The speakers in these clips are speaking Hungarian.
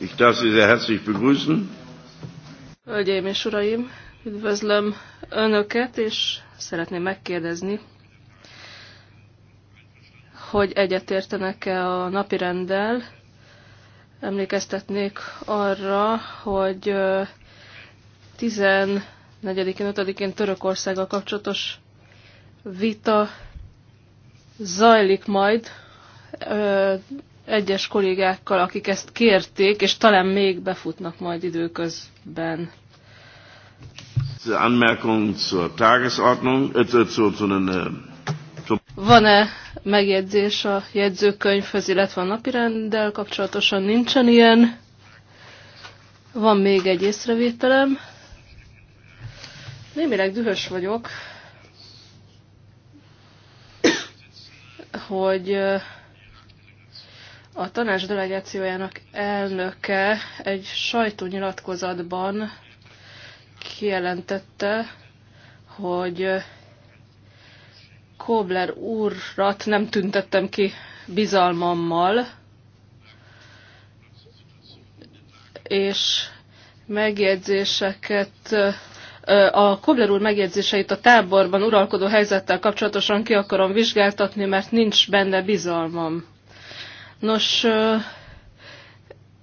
Ich darf Sie sehr herzlich begrüßen. Hölgyeim és Uraim, üdvözlöm Önöket, és szeretném megkérdezni, hogy egyetértenek-e a napi rendel. Emlékeztetnék arra, hogy 14-én, 5-én Törökországgal kapcsolatos vita zajlik majd egyes kollégákkal, akik ezt kérték, és talán még befutnak majd időközben. Äh, äh, Van-e megjegyzés a jegyzőkönyvhöz, illetve a napirenddel kapcsolatosan nincsen ilyen? Van még egy észrevételem. Némileg dühös vagyok, hogy a tanács delegációjának elnöke egy sajtónyilatkozatban kijelentette, hogy Kobler úrrat nem tüntettem ki bizalmammal, és megjegyzéseket, a Kobler úr megjegyzéseit a táborban uralkodó helyzettel kapcsolatosan ki akarom vizsgáltatni, mert nincs benne bizalmam. Nos,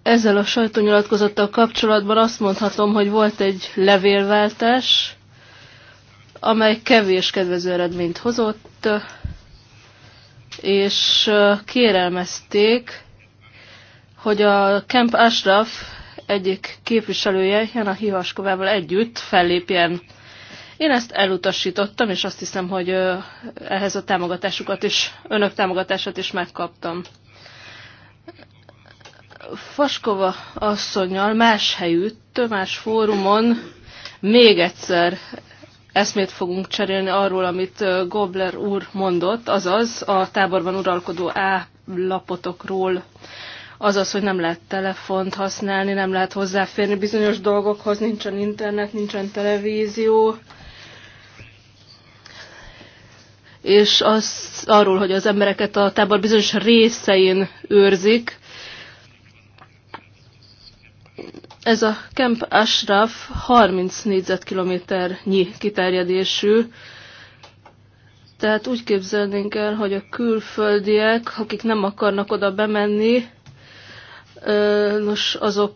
ezzel a sajtónyilatkozattal kapcsolatban azt mondhatom, hogy volt egy levélváltás, amely kevés kedvező eredményt hozott, és kérelmezték, hogy a Camp Ashraf egyik képviselője, Jana Hivaskovával együtt fellépjen. Én ezt elutasítottam, és azt hiszem, hogy ehhez a támogatásukat is, önök támogatását is megkaptam. Faskova asszonynal más helyütt, más fórumon még egyszer eszmét fogunk cserélni arról, amit Gobler úr mondott, azaz a táborban uralkodó állapotokról, azaz, hogy nem lehet telefont használni, nem lehet hozzáférni bizonyos dolgokhoz, nincsen internet, nincsen televízió, és az arról, hogy az embereket a tábor bizonyos részein őrzik, Ez a Camp Ashraf 30 négyzetkilométernyi kiterjedésű, tehát úgy képzelnénk el, hogy a külföldiek, akik nem akarnak oda bemenni, nos, azok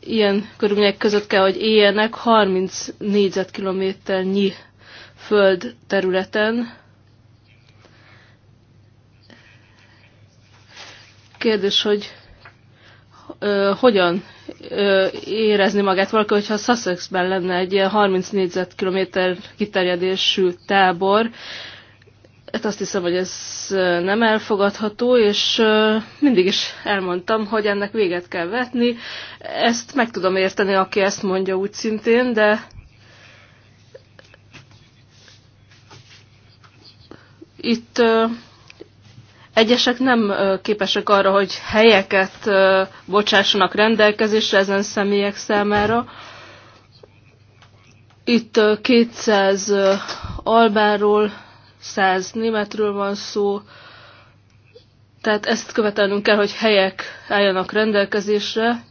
ilyen körülmények között kell, hogy éljenek 30 négyzetkilométernyi föld területen. Kérdés, hogy ö, hogyan ö, érezni magát valaki, hogyha Sussexben lenne egy ilyen 30 négyzetkilométer kiterjedésű tábor. Hát azt hiszem, hogy ez nem elfogadható, és ö, mindig is elmondtam, hogy ennek véget kell vetni. Ezt meg tudom érteni, aki ezt mondja úgy szintén, de itt ö, Egyesek nem képesek arra, hogy helyeket bocsássanak rendelkezésre ezen személyek számára. Itt 200 albáról, 100 németről van szó, tehát ezt követelnünk kell, hogy helyek álljanak rendelkezésre.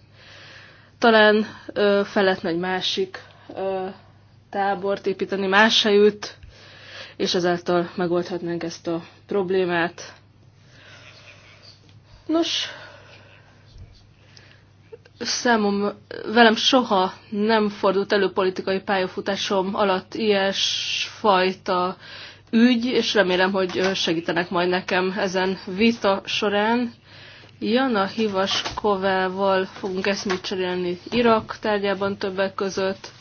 Talán felett egy másik ö, tábort építeni, más helyütt, és ezáltal megoldhatnánk ezt a problémát. Nos, számom, velem soha nem fordult elő politikai pályafutásom alatt ilyesfajta ügy, és remélem, hogy segítenek majd nekem ezen vita során. Jana Hivaskovával fogunk eszmét cserélni Irak tárgyában többek között,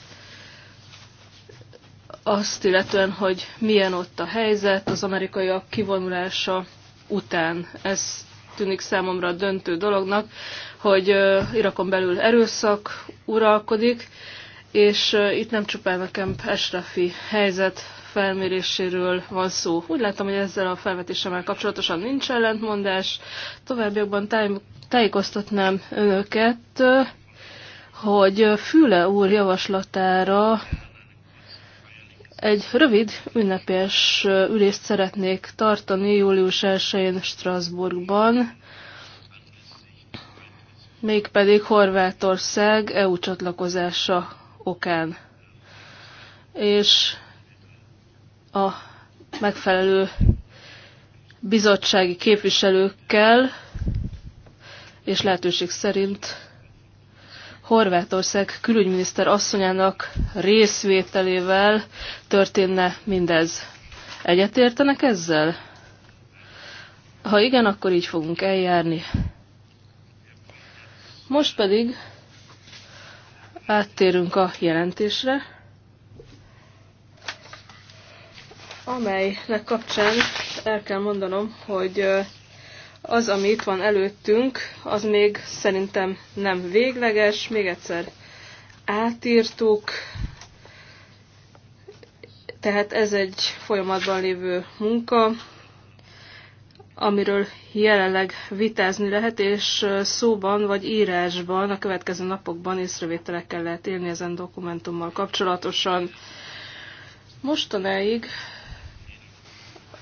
azt illetően, hogy milyen ott a helyzet az amerikaiak kivonulása után. Ez tűnik számomra a döntő dolognak, hogy Irakon belül erőszak uralkodik, és itt nem csupán nekem Camp helyzet felméréséről van szó. Úgy látom, hogy ezzel a felvetésemmel kapcsolatosan nincs ellentmondás. Továbbiakban táj tájékoztatnám önöket, hogy Füle úr javaslatára egy rövid ünnepés ülést szeretnék tartani július 1-én Strasbourgban, mégpedig Horvátország EU csatlakozása okán. És a megfelelő bizottsági képviselőkkel, és lehetőség szerint Horvátország külügyminiszter asszonyának részvételével történne mindez. Egyetértenek ezzel? Ha igen, akkor így fogunk eljárni. Most pedig áttérünk a jelentésre, amelynek kapcsán el kell mondanom, hogy az, ami itt van előttünk, az még szerintem nem végleges. Még egyszer átírtuk, tehát ez egy folyamatban lévő munka, amiről jelenleg vitázni lehet, és szóban vagy írásban a következő napokban észrevételekkel lehet élni ezen dokumentummal kapcsolatosan. Mostanáig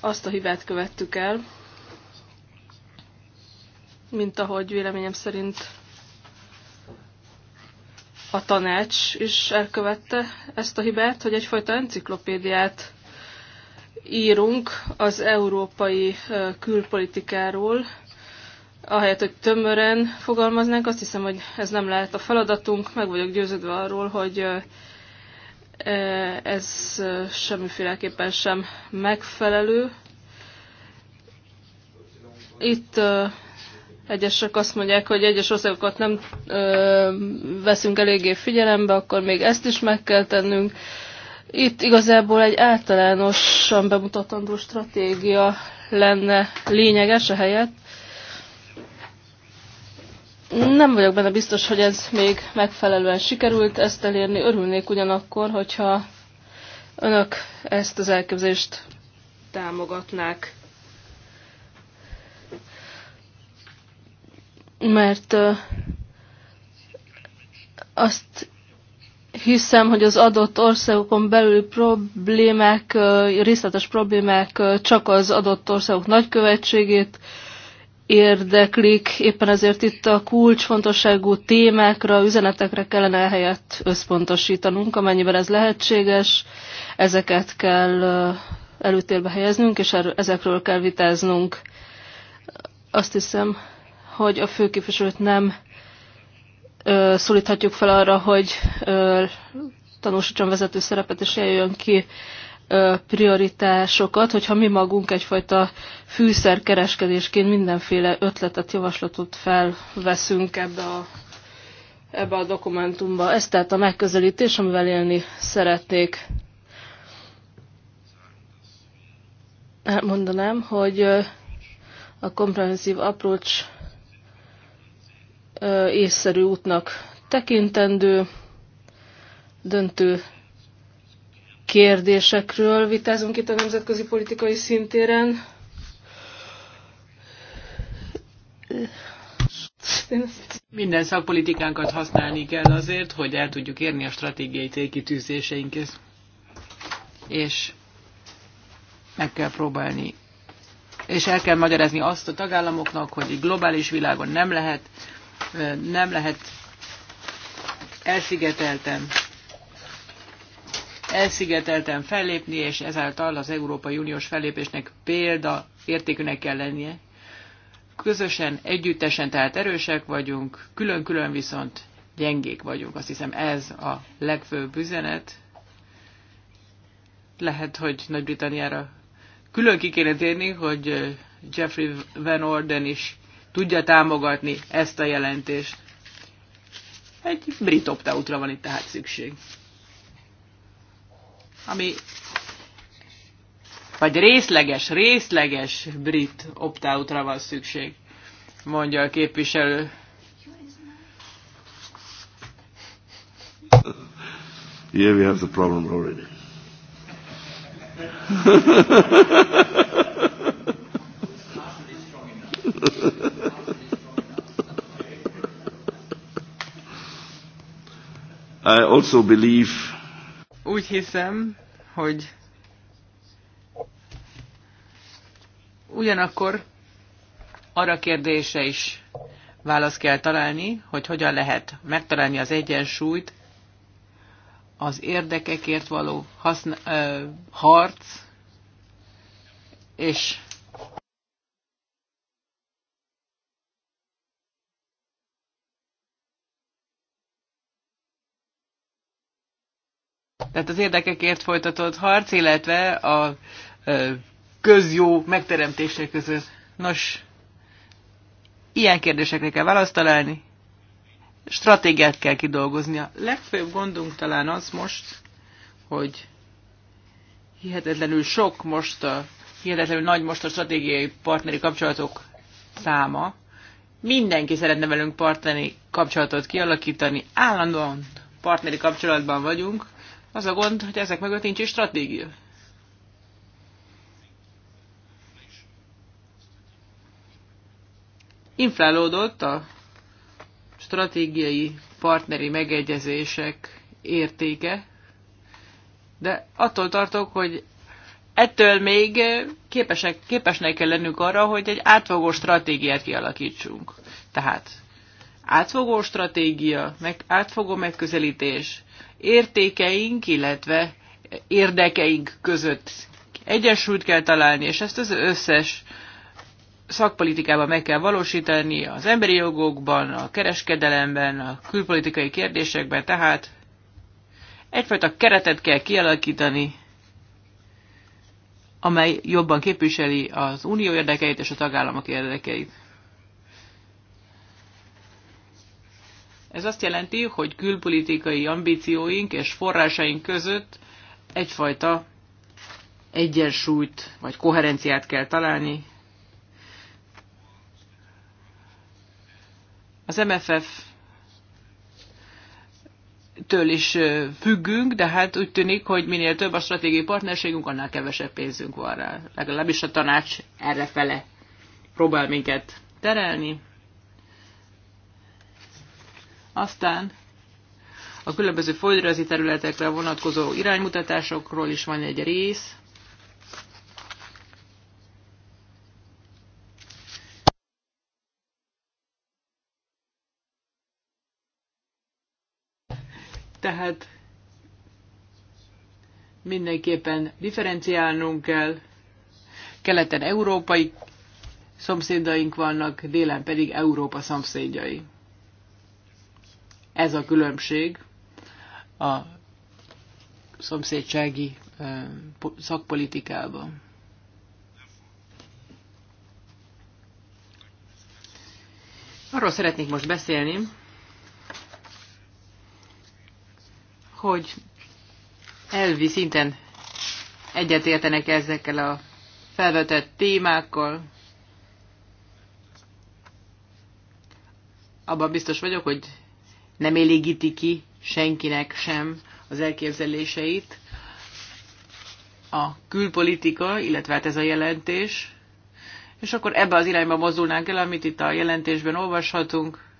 azt a hibát követtük el, mint ahogy véleményem szerint a tanács is elkövette ezt a hibát, hogy egyfajta enciklopédiát írunk az európai külpolitikáról, ahelyett, hogy tömören fogalmaznánk, azt hiszem, hogy ez nem lehet a feladatunk, meg vagyok győződve arról, hogy ez semmiféleképpen sem megfelelő. Itt egyesek azt mondják, hogy egyes országokat nem ö, veszünk eléggé figyelembe, akkor még ezt is meg kell tennünk. Itt igazából egy általánosan bemutatandó stratégia lenne lényeges a helyet. Nem vagyok benne biztos, hogy ez még megfelelően sikerült ezt elérni. Örülnék ugyanakkor, hogyha önök ezt az elképzést támogatnák. mert azt hiszem, hogy az adott országokon belüli problémák, részletes problémák csak az adott országok nagykövetségét érdeklik, éppen ezért itt a kulcsfontosságú témákra, üzenetekre kellene helyett összpontosítanunk, amennyiben ez lehetséges, ezeket kell előtérbe helyeznünk, és ezekről kell vitáznunk. Azt hiszem, hogy a főképviselőt nem ö, szólíthatjuk fel arra, hogy ö, tanúsítson vezető szerepet, és eljön ki ö, prioritásokat, hogyha mi magunk egyfajta fűszerkereskedésként mindenféle ötletet, javaslatot felveszünk ebbe a, ebbe a dokumentumba. Ez tehát a megközelítés, amivel élni szeretnék. mondanám, hogy a komprehenzív approach észszerű útnak tekintendő, döntő kérdésekről vitázunk itt a nemzetközi politikai szintéren. Minden szakpolitikánkat használni kell azért, hogy el tudjuk érni a stratégiai célkitűzéseinket. És meg kell próbálni, és el kell magyarázni azt a tagállamoknak, hogy egy globális világon nem lehet nem lehet elszigetelten elszigetelten fellépni, és ezáltal az Európai Uniós fellépésnek példa értékűnek kell lennie. Közösen, együttesen, tehát erősek vagyunk, külön-külön viszont gyengék vagyunk. Azt hiszem ez a legfőbb üzenet. Lehet, hogy Nagy-Britanniára külön ki kéne térni, hogy Jeffrey Van Orden is tudja támogatni ezt a jelentést. Egy brit opt van itt tehát szükség. Ami vagy részleges, részleges brit opt van szükség, mondja a képviselő. Yeah, we have the problem already. I also believe úgy hiszem, hogy ugyanakkor arra kérdése is választ kell találni, hogy hogyan lehet megtalálni az egyensúlyt az érdekekért való haszna, ö, harc és tehát az érdekekért folytatott harc, illetve a közjó megteremtése között. Nos, ilyen kérdésekre kell választ találni, stratégiát kell kidolgoznia. Legfőbb gondunk talán az most, hogy hihetetlenül sok most a, hihetetlenül nagy most a stratégiai partneri kapcsolatok száma. Mindenki szeretne velünk partneri kapcsolatot kialakítani, állandóan partneri kapcsolatban vagyunk, az a gond, hogy ezek mögött nincs is stratégia. Inflálódott a stratégiai partneri megegyezések értéke, de attól tartok, hogy ettől még képesek, képesnek kell lennünk arra, hogy egy átfogó stratégiát kialakítsunk. Tehát átfogó stratégia, meg átfogó megközelítés, értékeink, illetve érdekeink között egyensúlyt kell találni, és ezt az összes szakpolitikában meg kell valósítani, az emberi jogokban, a kereskedelemben, a külpolitikai kérdésekben, tehát egyfajta keretet kell kialakítani, amely jobban képviseli az unió érdekeit és a tagállamok érdekeit. Ez azt jelenti, hogy külpolitikai ambícióink és forrásaink között egyfajta egyensúlyt vagy koherenciát kell találni. Az MFF től is függünk, de hát úgy tűnik, hogy minél több a stratégiai partnerségünk, annál kevesebb pénzünk van rá. Legalábbis a tanács erre fele próbál minket terelni. Aztán a különböző földrajzi területekre vonatkozó iránymutatásokról is van egy rész. Tehát mindenképpen differenciálnunk kell. Keleten európai szomszédaink vannak, délen pedig Európa szomszédjai. Ez a különbség a szomszédsági szakpolitikában. Arról szeretnék most beszélni, hogy elvi szinten egyetértenek ezekkel a felvetett témákkal. Abban biztos vagyok, hogy nem elégíti ki senkinek sem az elképzeléseit. A külpolitika, illetve hát ez a jelentés, és akkor ebbe az irányba mozdulnánk el, amit itt a jelentésben olvashatunk.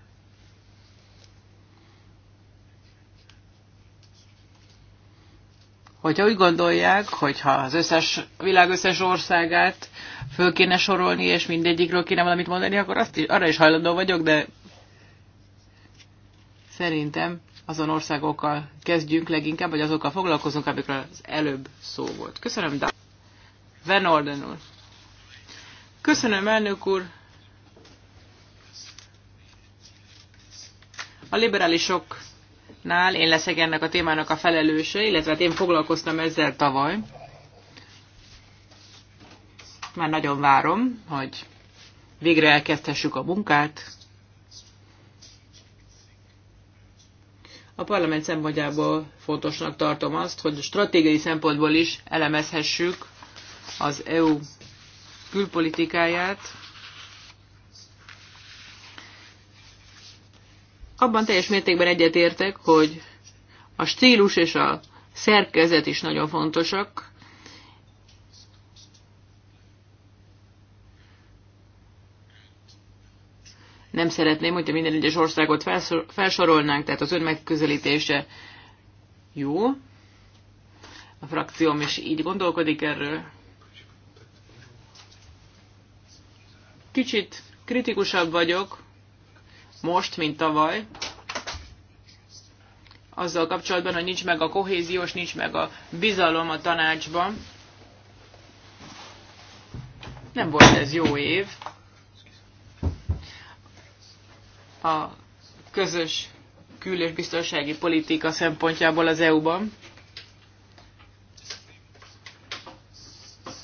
Hogyha úgy gondolják, hogyha az összes, világ összes országát föl kéne sorolni, és mindegyikről kéne valamit mondani, akkor azt is, arra is hajlandó vagyok, de Szerintem azon országokkal kezdjünk leginkább, vagy azokkal foglalkozunk, amikről az előbb szó volt. Köszönöm, Dan. Van Orden úr. Köszönöm, elnök úr. A liberálisoknál én leszek ennek a témának a felelőse, illetve hát én foglalkoztam ezzel tavaly. Már nagyon várom, hogy végre elkezdhessük a munkát. A parlament szempontjából fontosnak tartom azt, hogy stratégiai szempontból is elemezhessük az EU külpolitikáját. Abban teljes mértékben egyetértek, hogy a stílus és a szerkezet is nagyon fontosak, Nem szeretném, hogyha minden egyes országot felsorolnánk, tehát az ön megközelítése jó. A frakcióm is így gondolkodik erről. Kicsit kritikusabb vagyok most, mint tavaly, azzal kapcsolatban, hogy nincs meg a kohéziós, nincs meg a bizalom a tanácsban. Nem volt ez jó év a közös kül- és biztonsági politika szempontjából az EU-ban.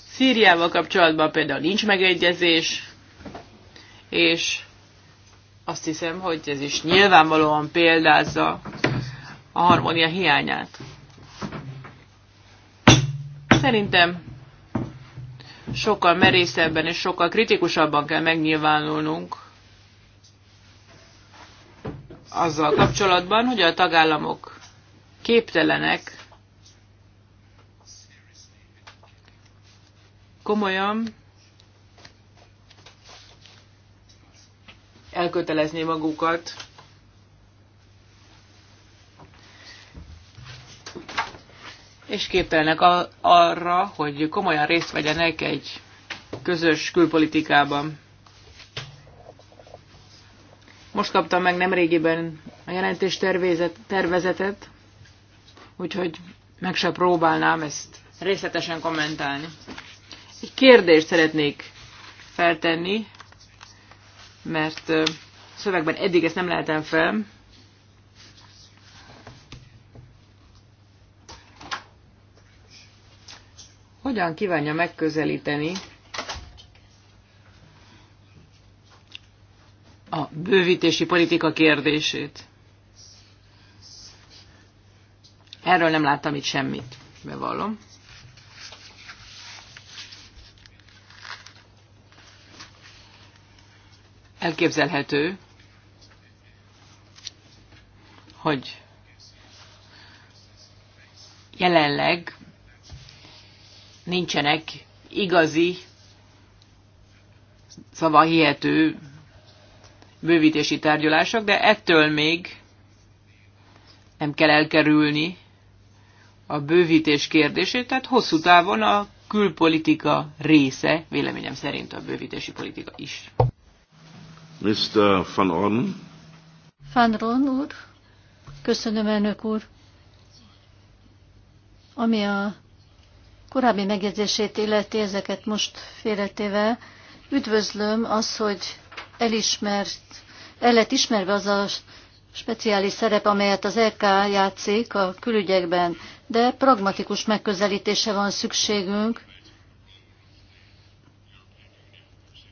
Szíriával kapcsolatban például nincs megegyezés, és azt hiszem, hogy ez is nyilvánvalóan példázza a harmónia hiányát. Szerintem sokkal merészebben és sokkal kritikusabban kell megnyilvánulnunk azzal kapcsolatban, hogy a tagállamok képtelenek komolyan elkötelezni magukat és képtelenek arra, hogy komolyan részt vegyenek egy közös külpolitikában. Most kaptam meg nem régiben a jelentés tervezet, tervezetet, úgyhogy meg se próbálnám ezt részletesen kommentálni. Egy kérdést szeretnék feltenni, mert szövegben eddig ezt nem lehetem fel. Hogyan kívánja megközelíteni a bővítési politika kérdését. Erről nem láttam itt semmit, bevallom. Elképzelhető, hogy jelenleg nincsenek igazi szavahihető bővítési tárgyalások, de ettől még nem kell elkerülni a bővítés kérdését, tehát hosszú távon a külpolitika része, véleményem szerint a bővítési politika is. Mr. Van Orden. Van Orn úr, köszönöm elnök úr. Ami a korábbi megjegyzését illeti, ezeket most félretéve, üdvözlöm az, hogy elismert, el lett ismerve az a speciális szerep, amelyet az RK e játszik a külügyekben, de pragmatikus megközelítése van szükségünk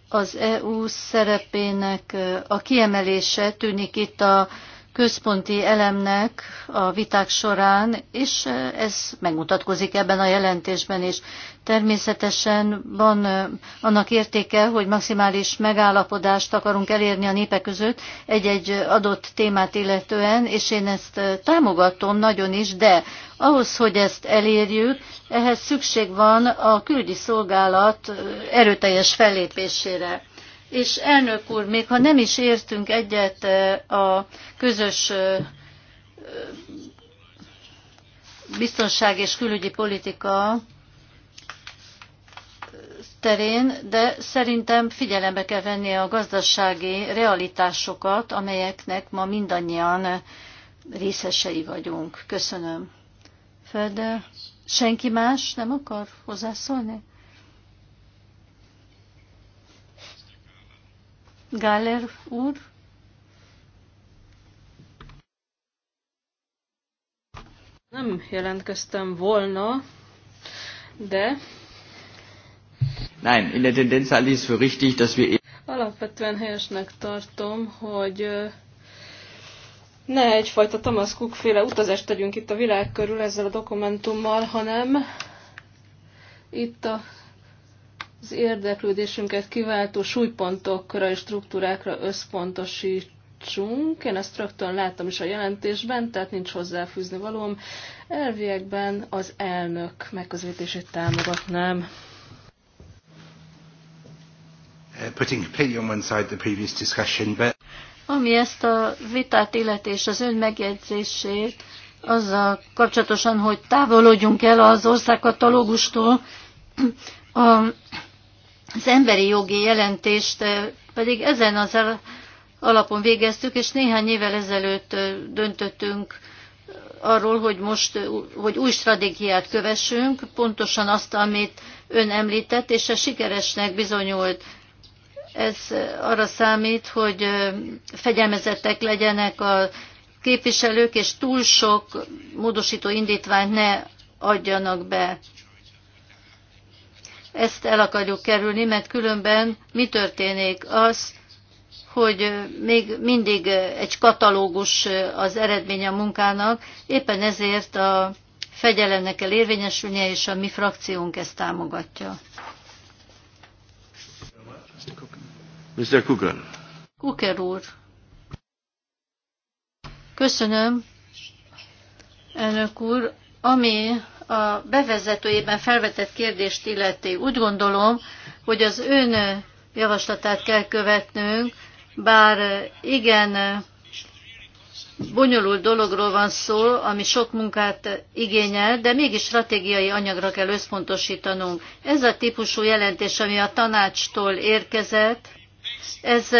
az EU szerepének a kiemelése tűnik itt a központi elemnek a viták során, és ez megmutatkozik ebben a jelentésben is. Természetesen van annak értéke, hogy maximális megállapodást akarunk elérni a népek között egy-egy adott témát illetően, és én ezt támogatom nagyon is, de ahhoz, hogy ezt elérjük, ehhez szükség van a külügyi szolgálat erőteljes fellépésére és elnök úr, még ha nem is értünk egyet a közös biztonság és külügyi politika terén, de szerintem figyelembe kell venni a gazdasági realitásokat, amelyeknek ma mindannyian részesei vagyunk. Köszönöm. Földe, senki más nem akar hozzászólni? Gáler úr. Nem jelentkeztem volna, de... Nein, in der Tendenz halte ich es für richtig, dass wir... Alapvetően helyesnek tartom, hogy ne egyfajta Thomas Cook féle utazást tegyünk itt a világ körül ezzel a dokumentummal, hanem itt a az érdeklődésünket kiváltó súlypontokra és struktúrákra összpontosítsunk. Én ezt rögtön láttam is a jelentésben, tehát nincs hozzáfűzni valóm. Elviekben az elnök megközelítését támogatnám. Uh, Ami ezt a vitát illeti és az ön megjegyzését, azzal kapcsolatosan, hogy távolodjunk el az országkatalógustól, a az emberi jogi jelentést pedig ezen az alapon végeztük, és néhány évvel ezelőtt döntöttünk arról, hogy most hogy új stratégiát kövessünk, pontosan azt, amit ön említett, és ez sikeresnek bizonyult. Ez arra számít, hogy fegyelmezettek legyenek a képviselők, és túl sok módosító indítványt ne adjanak be. Ezt el akarjuk kerülni, mert különben mi történik az, hogy még mindig egy katalógus az eredmény a munkának, éppen ezért a fegyelemnek kell érvényesülnie, és a mi frakciónk ezt támogatja. Mr. Kuker. Kuker úr. Köszönöm, elnök úr. Ami a bevezetőjében felvetett kérdést illeti. Úgy gondolom, hogy az ön javaslatát kell követnünk, bár igen bonyolult dologról van szó, ami sok munkát igényel, de mégis stratégiai anyagra kell összpontosítanunk. Ez a típusú jelentés, ami a tanácstól érkezett, ez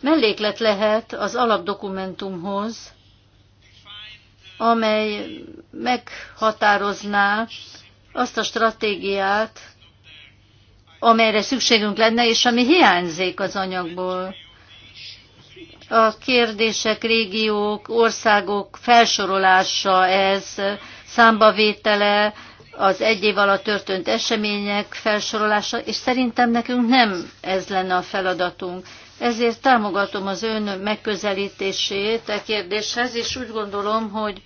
melléklet lehet az alapdokumentumhoz, amely meghatározná azt a stratégiát, amelyre szükségünk lenne, és ami hiányzik az anyagból. A kérdések, régiók, országok felsorolása ez, számbavétele, az egy év alatt történt események felsorolása, és szerintem nekünk nem ez lenne a feladatunk. Ezért támogatom az ön megközelítését a e kérdéshez, és úgy gondolom, hogy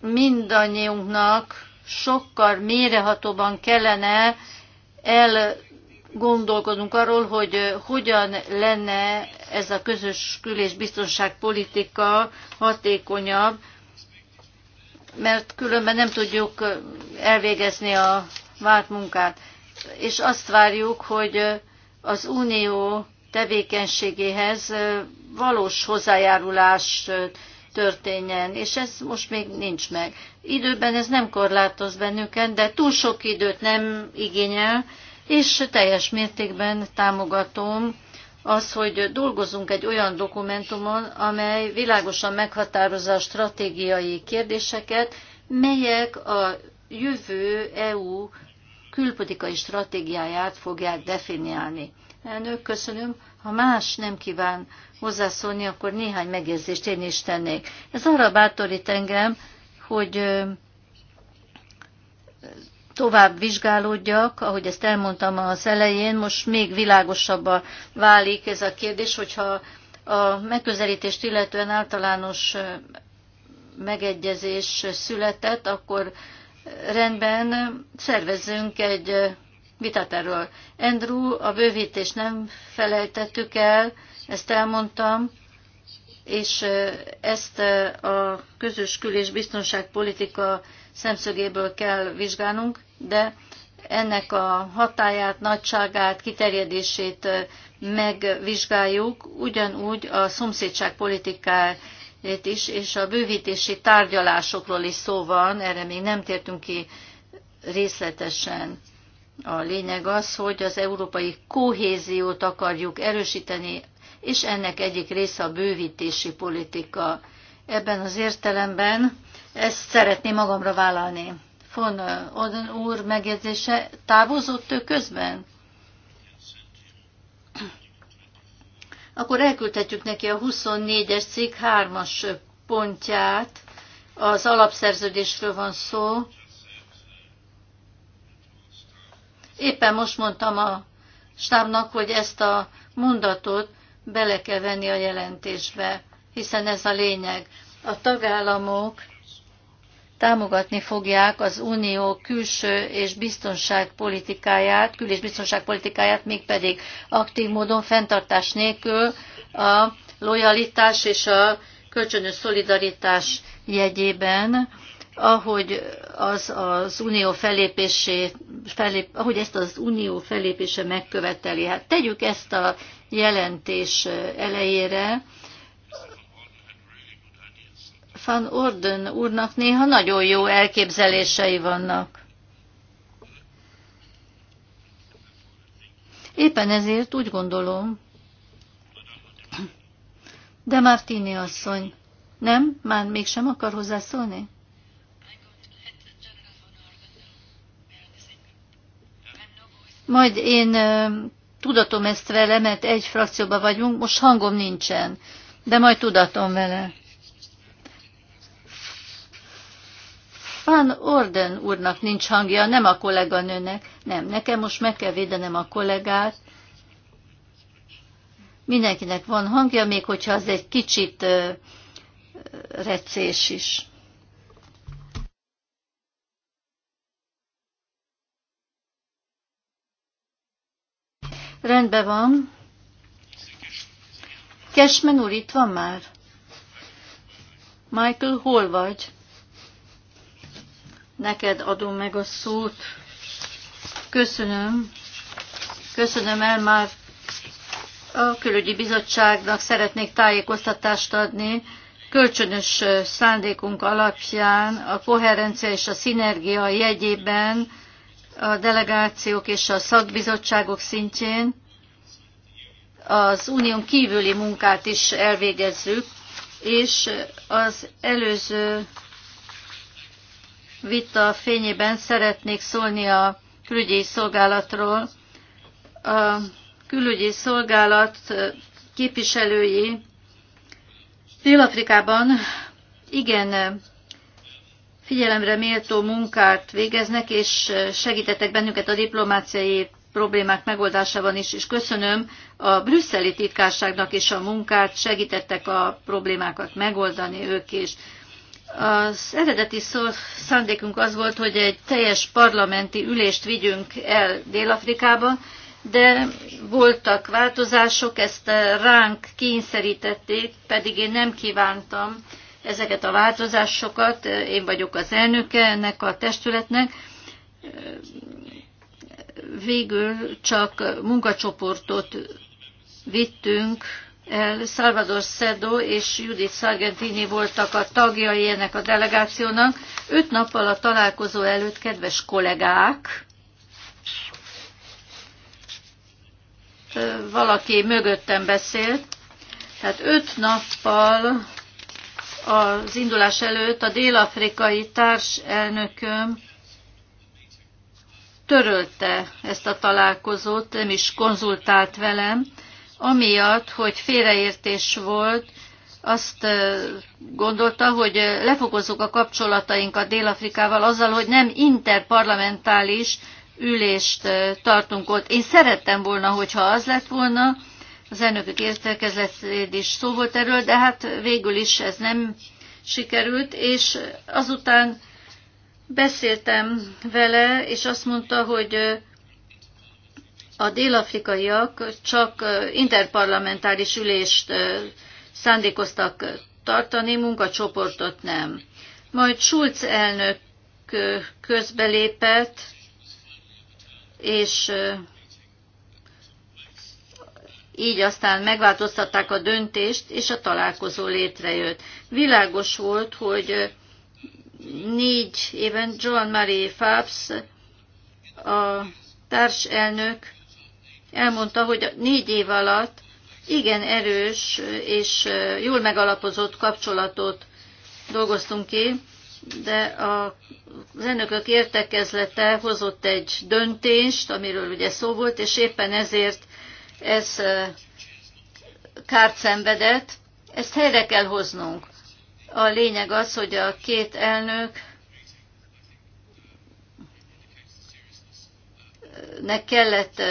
mindannyiunknak sokkal mérehatóban kellene elgondolkodnunk arról, hogy hogyan lenne ez a közös kül- és biztonságpolitika hatékonyabb, mert különben nem tudjuk elvégezni a várt munkát. És azt várjuk, hogy az unió tevékenységéhez valós hozzájárulás történjen, és ez most még nincs meg. Időben ez nem korlátoz bennünket, de túl sok időt nem igényel, és teljes mértékben támogatom az, hogy dolgozunk egy olyan dokumentumon, amely világosan meghatározza a stratégiai kérdéseket, melyek a jövő EU külpolitikai stratégiáját fogják definiálni. Elnök, köszönöm. Ha más nem kíván hozzászólni, akkor néhány megjegyzést én is tennék. Ez arra bátorít engem, hogy tovább vizsgálódjak, ahogy ezt elmondtam az elején, most még világosabbá válik ez a kérdés, hogyha a megközelítést illetően általános megegyezés született, akkor rendben szervezzünk egy vitát erről. Andrew, a bővítést nem felejtettük el, ezt elmondtam, és ezt a közös kül- és biztonságpolitika szemszögéből kell vizsgálnunk, de ennek a hatáját, nagyságát, kiterjedését megvizsgáljuk, ugyanúgy a szomszédságpolitikát, is, és a bővítési tárgyalásokról is szó van, erre még nem tértünk ki részletesen. A lényeg az, hogy az európai kohéziót akarjuk erősíteni, és ennek egyik része a bővítési politika. Ebben az értelemben ezt szeretném magamra vállalni. Von Oden úr megjegyzése távozott ő közben? akkor elküldhetjük neki a 24-es cikk 3-as pontját, az alapszerződésről van szó. Éppen most mondtam a stábnak, hogy ezt a mondatot bele kell venni a jelentésbe, hiszen ez a lényeg. A tagállamok támogatni fogják az unió külső és biztonságpolitikáját, kül- és biztonságpolitikáját, mégpedig aktív módon fenntartás nélkül a lojalitás és a kölcsönös szolidaritás jegyében, ahogy, az az unió felépésé, felép, ahogy ezt az unió felépése megköveteli. Hát tegyük ezt a jelentés elejére, van Orden úrnak néha nagyon jó elképzelései vannak. Éppen ezért úgy gondolom, de Martini asszony, nem? Már mégsem akar hozzászólni? Majd én tudatom ezt vele, mert egy frakcióban vagyunk, most hangom nincsen, de majd tudatom vele. Van Orden úrnak nincs hangja, nem a kolléganőnek. Nem, nekem most meg kell védenem a kollégát. Mindenkinek van hangja, még hogyha az egy kicsit ö, recés is. Rendben van. Kesmen úr itt van már? Michael, hol vagy? neked adom meg a szót. Köszönöm. Köszönöm el már a külügyi bizottságnak szeretnék tájékoztatást adni. Kölcsönös szándékunk alapján a koherencia és a szinergia jegyében a delegációk és a szakbizottságok szintjén az unión kívüli munkát is elvégezzük, és az előző vita fényében szeretnék szólni a külügyi szolgálatról. A külügyi szolgálat képviselői Dél-Afrikában igen figyelemre méltó munkát végeznek, és segítettek bennünket a diplomáciai problémák megoldásában is, és köszönöm a brüsszeli titkárságnak is a munkát, segítettek a problémákat megoldani ők is. Az eredeti szó, szándékunk az volt, hogy egy teljes parlamenti ülést vigyünk el Dél-Afrikába, de voltak változások, ezt ránk kényszerítették, pedig én nem kívántam ezeket a változásokat, én vagyok az elnöke ennek a testületnek, végül csak munkacsoportot vittünk Salvador Szedó és Judith Sargentini voltak a tagjai ennek a delegációnak. Öt nappal a találkozó előtt, kedves kollégák, valaki mögöttem beszélt, tehát öt nappal az indulás előtt a dél-afrikai társelnököm törölte ezt a találkozót, nem is konzultált velem, amiatt, hogy félreértés volt, azt gondolta, hogy lefokozzuk a kapcsolatainkat Dél-Afrikával azzal, hogy nem interparlamentális ülést tartunk ott. Én szerettem volna, hogyha az lett volna, az elnökök értekezletét is szó volt erről, de hát végül is ez nem sikerült, és azután beszéltem vele, és azt mondta, hogy a délafrikaiak csak interparlamentáris ülést szándékoztak tartani, munkacsoportot nem. Majd Schulz elnök közbelépett, és így aztán megváltoztatták a döntést, és a találkozó létrejött. Világos volt, hogy négy éven John Marie Fabs, a társelnök elmondta, hogy négy év alatt igen erős és jól megalapozott kapcsolatot dolgoztunk ki, de a, az elnökök értekezlete hozott egy döntést, amiről ugye szó volt, és éppen ezért ez kárt szenvedett. Ezt helyre kell hoznunk. A lényeg az, hogy a két elnök nek kellett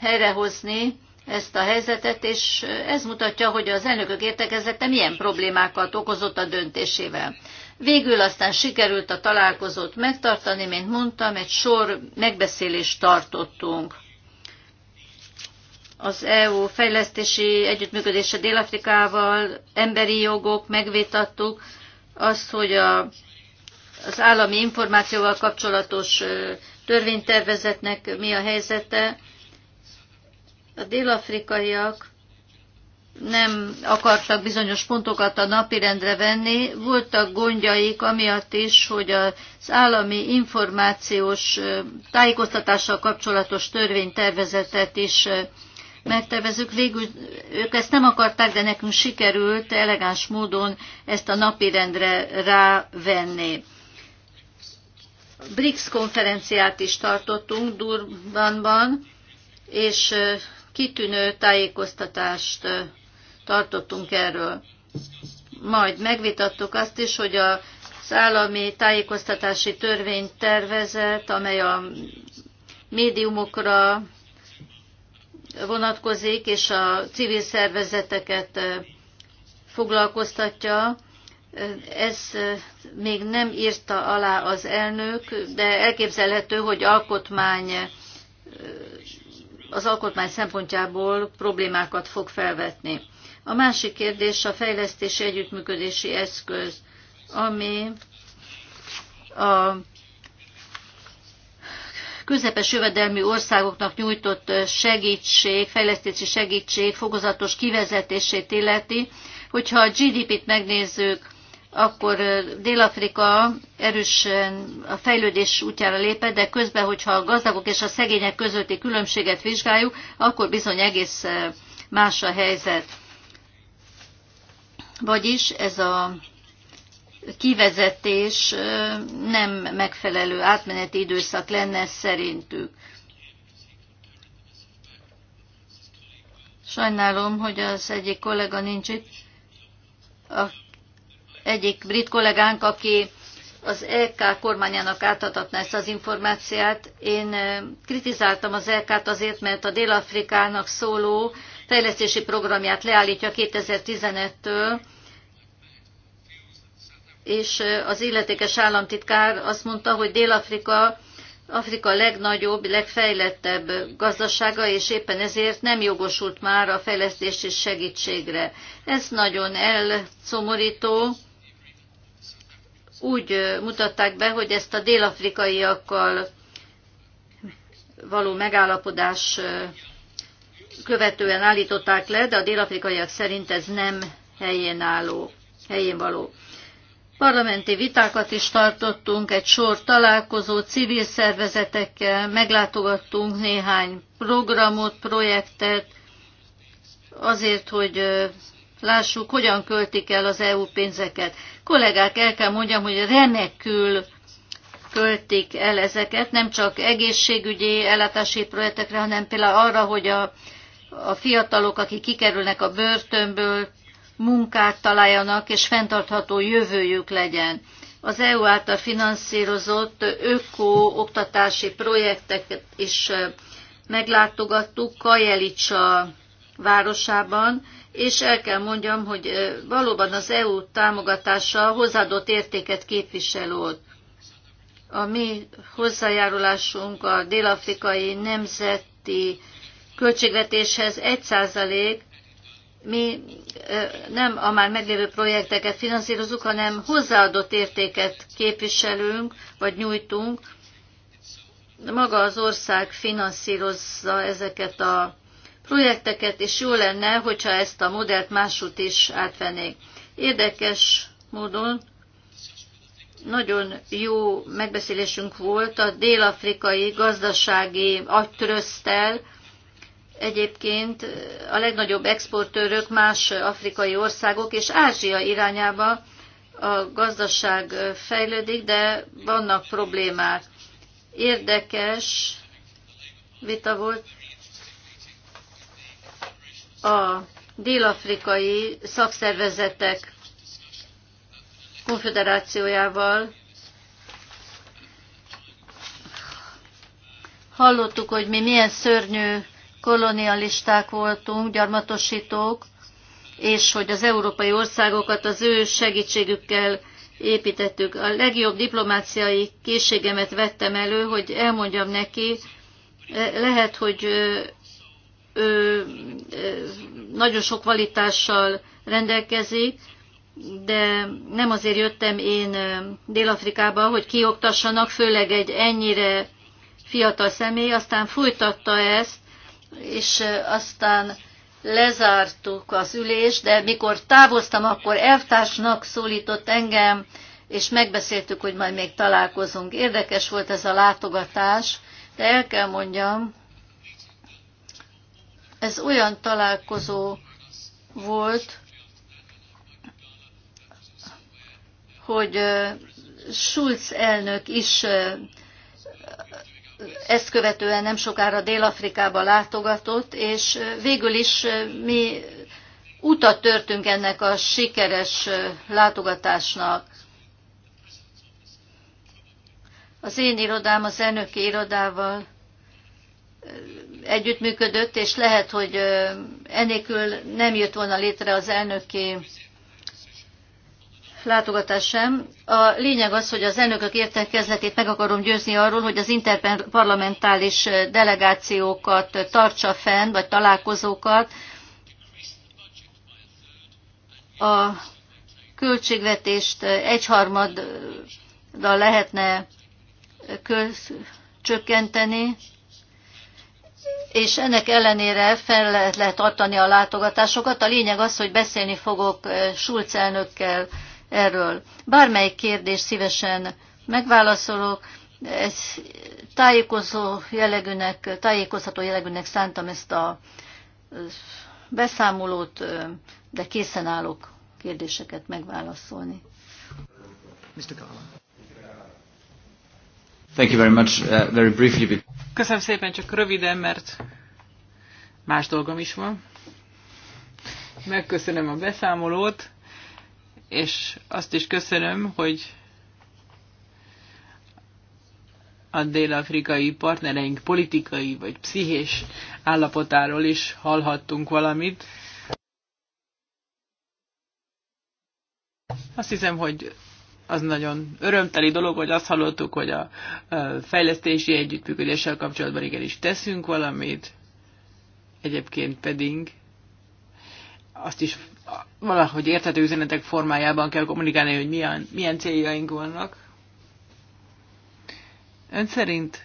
helyrehozni ezt a helyzetet, és ez mutatja, hogy az elnökök értekezete milyen problémákat okozott a döntésével. Végül aztán sikerült a találkozót megtartani, mint mondtam, egy sor megbeszélést tartottunk. Az EU fejlesztési együttműködése Dél-Afrikával, emberi jogok, megvétattuk azt, hogy a, az állami információval kapcsolatos törvénytervezetnek mi a helyzete. A délafrikaiak nem akartak bizonyos pontokat a napirendre venni. Voltak gondjaik amiatt is, hogy az állami információs tájékoztatással kapcsolatos törvénytervezetet is megtervezük. Végül ők ezt nem akarták, de nekünk sikerült elegáns módon ezt a napirendre rávenni. BRICS konferenciát is tartottunk Durbanban, és kitűnő tájékoztatást tartottunk erről. Majd megvitattuk azt is, hogy a az állami tájékoztatási tervezet, amely a médiumokra vonatkozik, és a civil szervezeteket foglalkoztatja, ez még nem írta alá az elnök, de elképzelhető, hogy alkotmány az alkotmány szempontjából problémákat fog felvetni. A másik kérdés a fejlesztési együttműködési eszköz, ami a közepes jövedelmi országoknak nyújtott segítség, fejlesztési segítség fokozatos kivezetését illeti. Hogyha a GDP-t megnézzük akkor Dél-Afrika erősen a fejlődés útjára lépett, de közben, hogyha a gazdagok és a szegények közötti különbséget vizsgáljuk, akkor bizony egész más a helyzet. Vagyis ez a kivezetés nem megfelelő átmeneti időszak lenne szerintük. Sajnálom, hogy az egyik kollega nincs itt, egyik brit kollégánk, aki az EK kormányának átadhatná ezt az információt. Én kritizáltam az EK-t azért, mert a Dél-Afrikának szóló fejlesztési programját leállítja 2015-től, és az illetékes államtitkár azt mondta, hogy Dél-Afrika Afrika legnagyobb, legfejlettebb gazdasága, és éppen ezért nem jogosult már a fejlesztési segítségre. Ez nagyon elszomorító, úgy mutatták be, hogy ezt a délafrikaiakkal való megállapodás követően állították le, de a délafrikaiak szerint ez nem helyén, álló, helyén való. Parlamenti vitákat is tartottunk, egy sor találkozó civil szervezetekkel, meglátogattunk néhány programot, projektet, azért, hogy lássuk, hogyan költik el az EU pénzeket. Kollégák, el kell mondjam, hogy remekül költik el ezeket, nem csak egészségügyi ellátási projektekre, hanem például arra, hogy a, a fiatalok, akik kikerülnek a börtönből, munkát találjanak, és fenntartható jövőjük legyen. Az EU által finanszírozott öko-oktatási projekteket is meglátogattuk Kajelicsa városában, és el kell mondjam, hogy valóban az EU támogatása hozzáadott értéket képvisel ott. A mi hozzájárulásunk a dél-afrikai nemzeti költségvetéshez 1 százalék, mi nem a már meglévő projekteket finanszírozunk, hanem hozzáadott értéket képviselünk, vagy nyújtunk. Maga az ország finanszírozza ezeket a projekteket, és jó lenne, hogyha ezt a modellt másút is átvennék. Érdekes módon nagyon jó megbeszélésünk volt a dél-afrikai gazdasági agytrösztel. Egyébként a legnagyobb exportőrök más afrikai országok és Ázsia irányába a gazdaság fejlődik, de vannak problémák. Érdekes vita volt a dél-afrikai szakszervezetek konfederációjával hallottuk, hogy mi milyen szörnyű kolonialisták voltunk, gyarmatosítók, és hogy az európai országokat az ő segítségükkel építettük. A legjobb diplomáciai készségemet vettem elő, hogy elmondjam neki, lehet, hogy nagyon sok kvalitással rendelkezik, de nem azért jöttem én Dél-Afrikába, hogy kioktassanak, főleg egy ennyire fiatal személy, aztán folytatta ezt, és aztán lezártuk az ülést, de mikor távoztam, akkor elvtársnak szólított engem, és megbeszéltük, hogy majd még találkozunk. Érdekes volt ez a látogatás, de el kell mondjam, ez olyan találkozó volt, hogy Schulz elnök is ezt követően nem sokára Dél-Afrikába látogatott, és végül is mi utat törtünk ennek a sikeres látogatásnak. Az én irodám az elnöki irodával együttműködött, és lehet, hogy enélkül nem jött volna létre az elnöki látogatás sem. A lényeg az, hogy az elnökök értekezletét meg akarom győzni arról, hogy az interparlamentális delegációkat tartsa fenn, vagy találkozókat. A költségvetést egyharmaddal lehetne csökkenteni, és ennek ellenére fel lehet, lehet tartani a látogatásokat. A lényeg az, hogy beszélni fogok Schulz elnökkel erről. Bármely kérdés szívesen megválaszolok. Ez tájékozó jellegűnek, tájékozható jellegűnek szántam ezt a beszámolót, de készen állok kérdéseket megválaszolni. Mr. Thank you very much. Uh, very briefly. Köszönöm szépen, csak röviden, mert más dolgom is van. Megköszönöm a beszámolót, és azt is köszönöm, hogy a dél-afrikai partnereink politikai vagy pszichés állapotáról is hallhattunk valamit. Azt hiszem, hogy az nagyon örömteli dolog, hogy azt hallottuk, hogy a fejlesztési együttműködéssel kapcsolatban igenis teszünk valamit, egyébként pedig azt is valahogy érthető üzenetek formájában kell kommunikálni, hogy milyen, milyen céljaink vannak. Ön szerint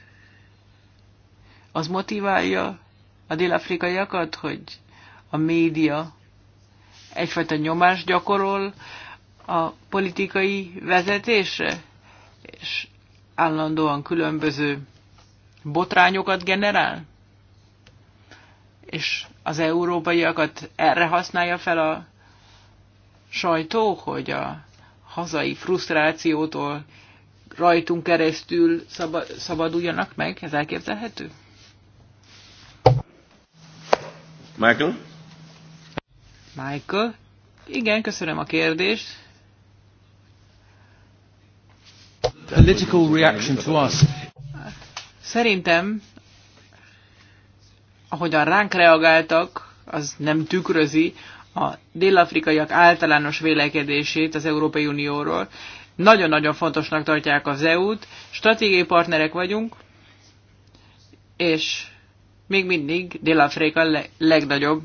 az motiválja a dél-afrikaiakat, hogy a média egyfajta nyomást gyakorol a politikai vezetésre, és állandóan különböző botrányokat generál, és az európaiakat erre használja fel a sajtó, hogy a hazai frusztrációtól rajtunk keresztül szabaduljanak meg? Ez elképzelhető? Michael? Michael? Igen, köszönöm a kérdést. political reaction to us. Szerintem, ahogyan ránk reagáltak, az nem tükrözi a dél-afrikaiak általános vélekedését az Európai Unióról. Nagyon-nagyon fontosnak tartják az EU-t, stratégiai partnerek vagyunk, és még mindig Dél-Afrika legnagyobb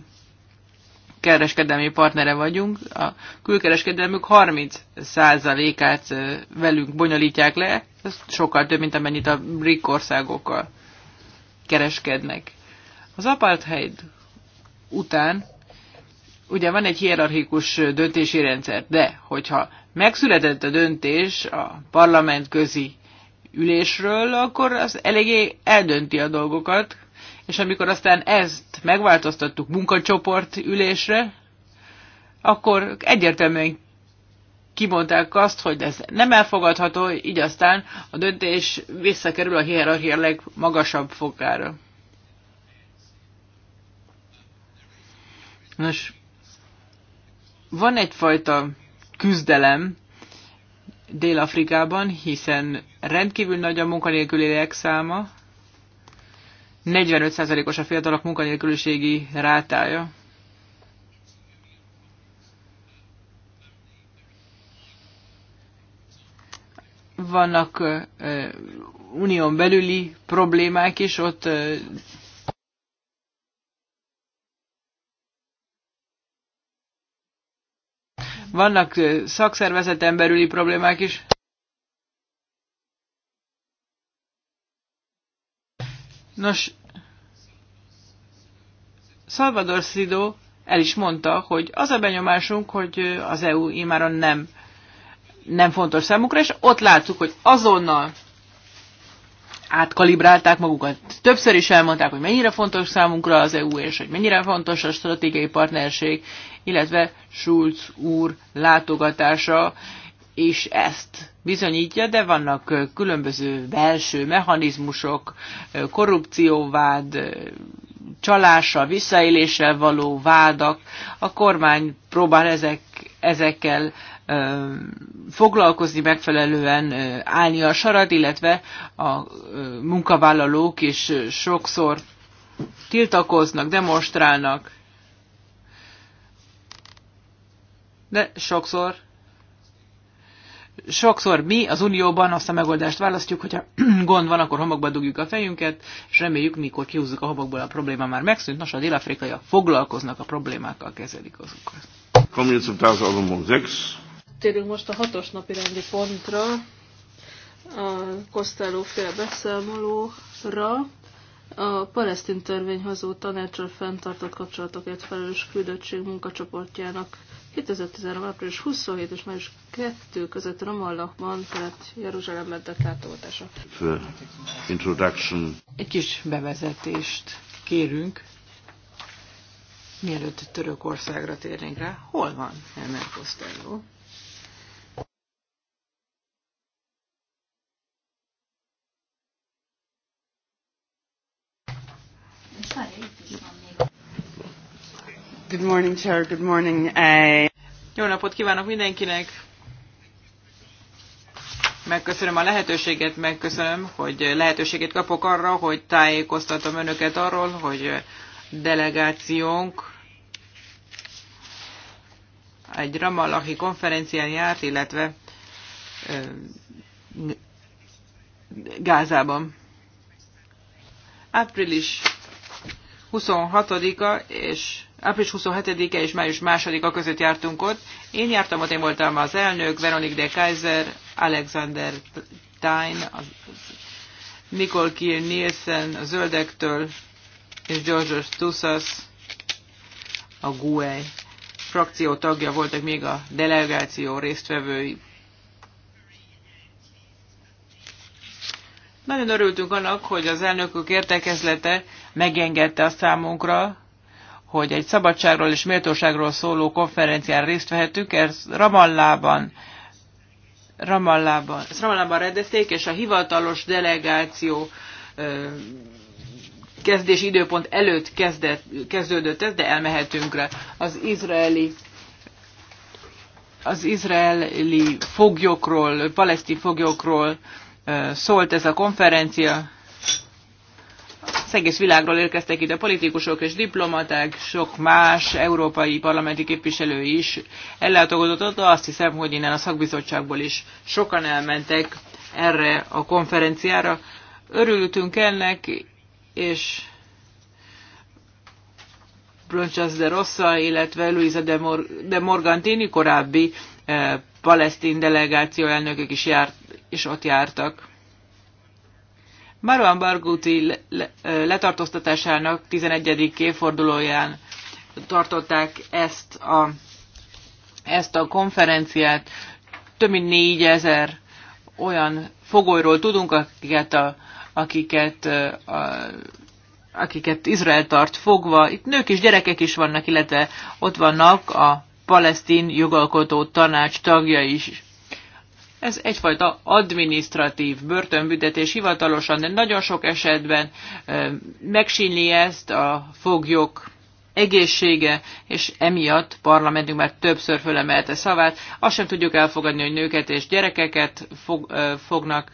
kereskedelmi partnere vagyunk, a külkereskedelmük 30%-át velünk bonyolítják le, ez sokkal több, mint amennyit a brik országokkal kereskednek. Az apartheid után ugye van egy hierarchikus döntési rendszer, de hogyha megszületett a döntés a parlament közi ülésről, akkor az eléggé eldönti a dolgokat, és amikor aztán ezt megváltoztattuk munkacsoport ülésre, akkor egyértelműen kimondták azt, hogy ez nem elfogadható, így aztán a döntés visszakerül a hierarchia legmagasabb fokára. Nos, van egyfajta küzdelem Dél-Afrikában, hiszen rendkívül nagy a munkanélküliek száma, 45%-os a fiatalok munkanélküliségi rátája. Vannak uh, unión belüli problémák is, ott uh, vannak szakszervezeten belüli problémák is. Nos, Salvador Szidó el is mondta, hogy az a benyomásunk, hogy az EU imáron nem, nem fontos számukra, és ott láttuk, hogy azonnal átkalibrálták magukat. Többször is elmondták, hogy mennyire fontos számunkra az EU, és hogy mennyire fontos a stratégiai partnerség, illetve Schulz úr látogatása is ezt bizonyítja, de vannak különböző belső mechanizmusok, korrupcióvád, csalása, visszaéléssel való vádak. A kormány próbál ezek, ezekkel foglalkozni megfelelően, állni a sarat, illetve a munkavállalók is sokszor tiltakoznak, demonstrálnak, de sokszor sokszor mi az Unióban azt a megoldást választjuk, hogyha gond van, akkor homokba dugjuk a fejünket, és reméljük, mikor kihúzzuk a homokból a probléma már megszűnt. Nos, a dél-afrikaiak foglalkoznak a problémákkal, kezelik azokat. Térünk most a hatos napi rendi pontra, a Kosztáló fél beszámolóra, a palesztin törvényhozó tanácsról fenntartott kapcsolatokért felelős küldöttség munkacsoportjának 2013. április 27 és május 2 között Ramallahban, tehát Jeruzsálem tett látogatása. Introduction. Egy kis bevezetést kérünk, mielőtt Törökországra térnénk rá. Hol van Elmer Costello? Köszönöm. Good morning, Chair. Good morning. Eh, Jó napot kívánok mindenkinek! Megköszönöm a lehetőséget, megköszönöm, hogy lehetőséget kapok arra, hogy tájékoztatom önöket arról, hogy delegációnk egy Ramallahi konferencián járt, illetve Gázában. Április 26-a és április 27-e és május 2-a között jártunk ott. Én jártam ott, én voltam az elnök, Veronik de Kaiser, Alexander Tyne, Nicole Kiel Nielsen a Zöldektől, és George Tussas a GUE frakció tagja voltak még a delegáció résztvevői. Nagyon örültünk annak, hogy az elnökök értekezlete megengedte a számunkra, hogy egy szabadságról és méltóságról szóló konferencián részt vehetünk. Ez Ramallában, Ramallában, ezt Ramallában rendezték, és a hivatalos delegáció ö, kezdés időpont előtt kezdett, kezdődött ez, de elmehetünk rá. Az izraeli az izraeli foglyokról, palesztin foglyokról szólt ez a konferencia, egész világról érkeztek ide politikusok és diplomaták, sok más európai parlamenti képviselő is ellátogatott ott, azt hiszem, hogy innen a szakbizottságból is sokan elmentek erre a konferenciára. Örültünk ennek, és Bronchas de Rossa, illetve Luisa de, Mor- de Morgantini korábbi eh, palesztin delegáció elnökök is, járt, is ott jártak. Marwan Barguti letartóztatásának 11. évfordulóján tartották ezt a, ezt a konferenciát. Több mint 4000 olyan fogolyról tudunk, akiket, a, akiket, a, akiket Izrael tart fogva. Itt nők és gyerekek is vannak, illetve ott vannak a palesztin jogalkotó tanács tagja is. Ez egyfajta adminisztratív börtönbüntetés hivatalosan, de nagyon sok esetben megsínli ezt a foglyok egészsége, és emiatt parlamentünk már többször fölemelte szavát. Azt sem tudjuk elfogadni, hogy nőket és gyerekeket fog, fognak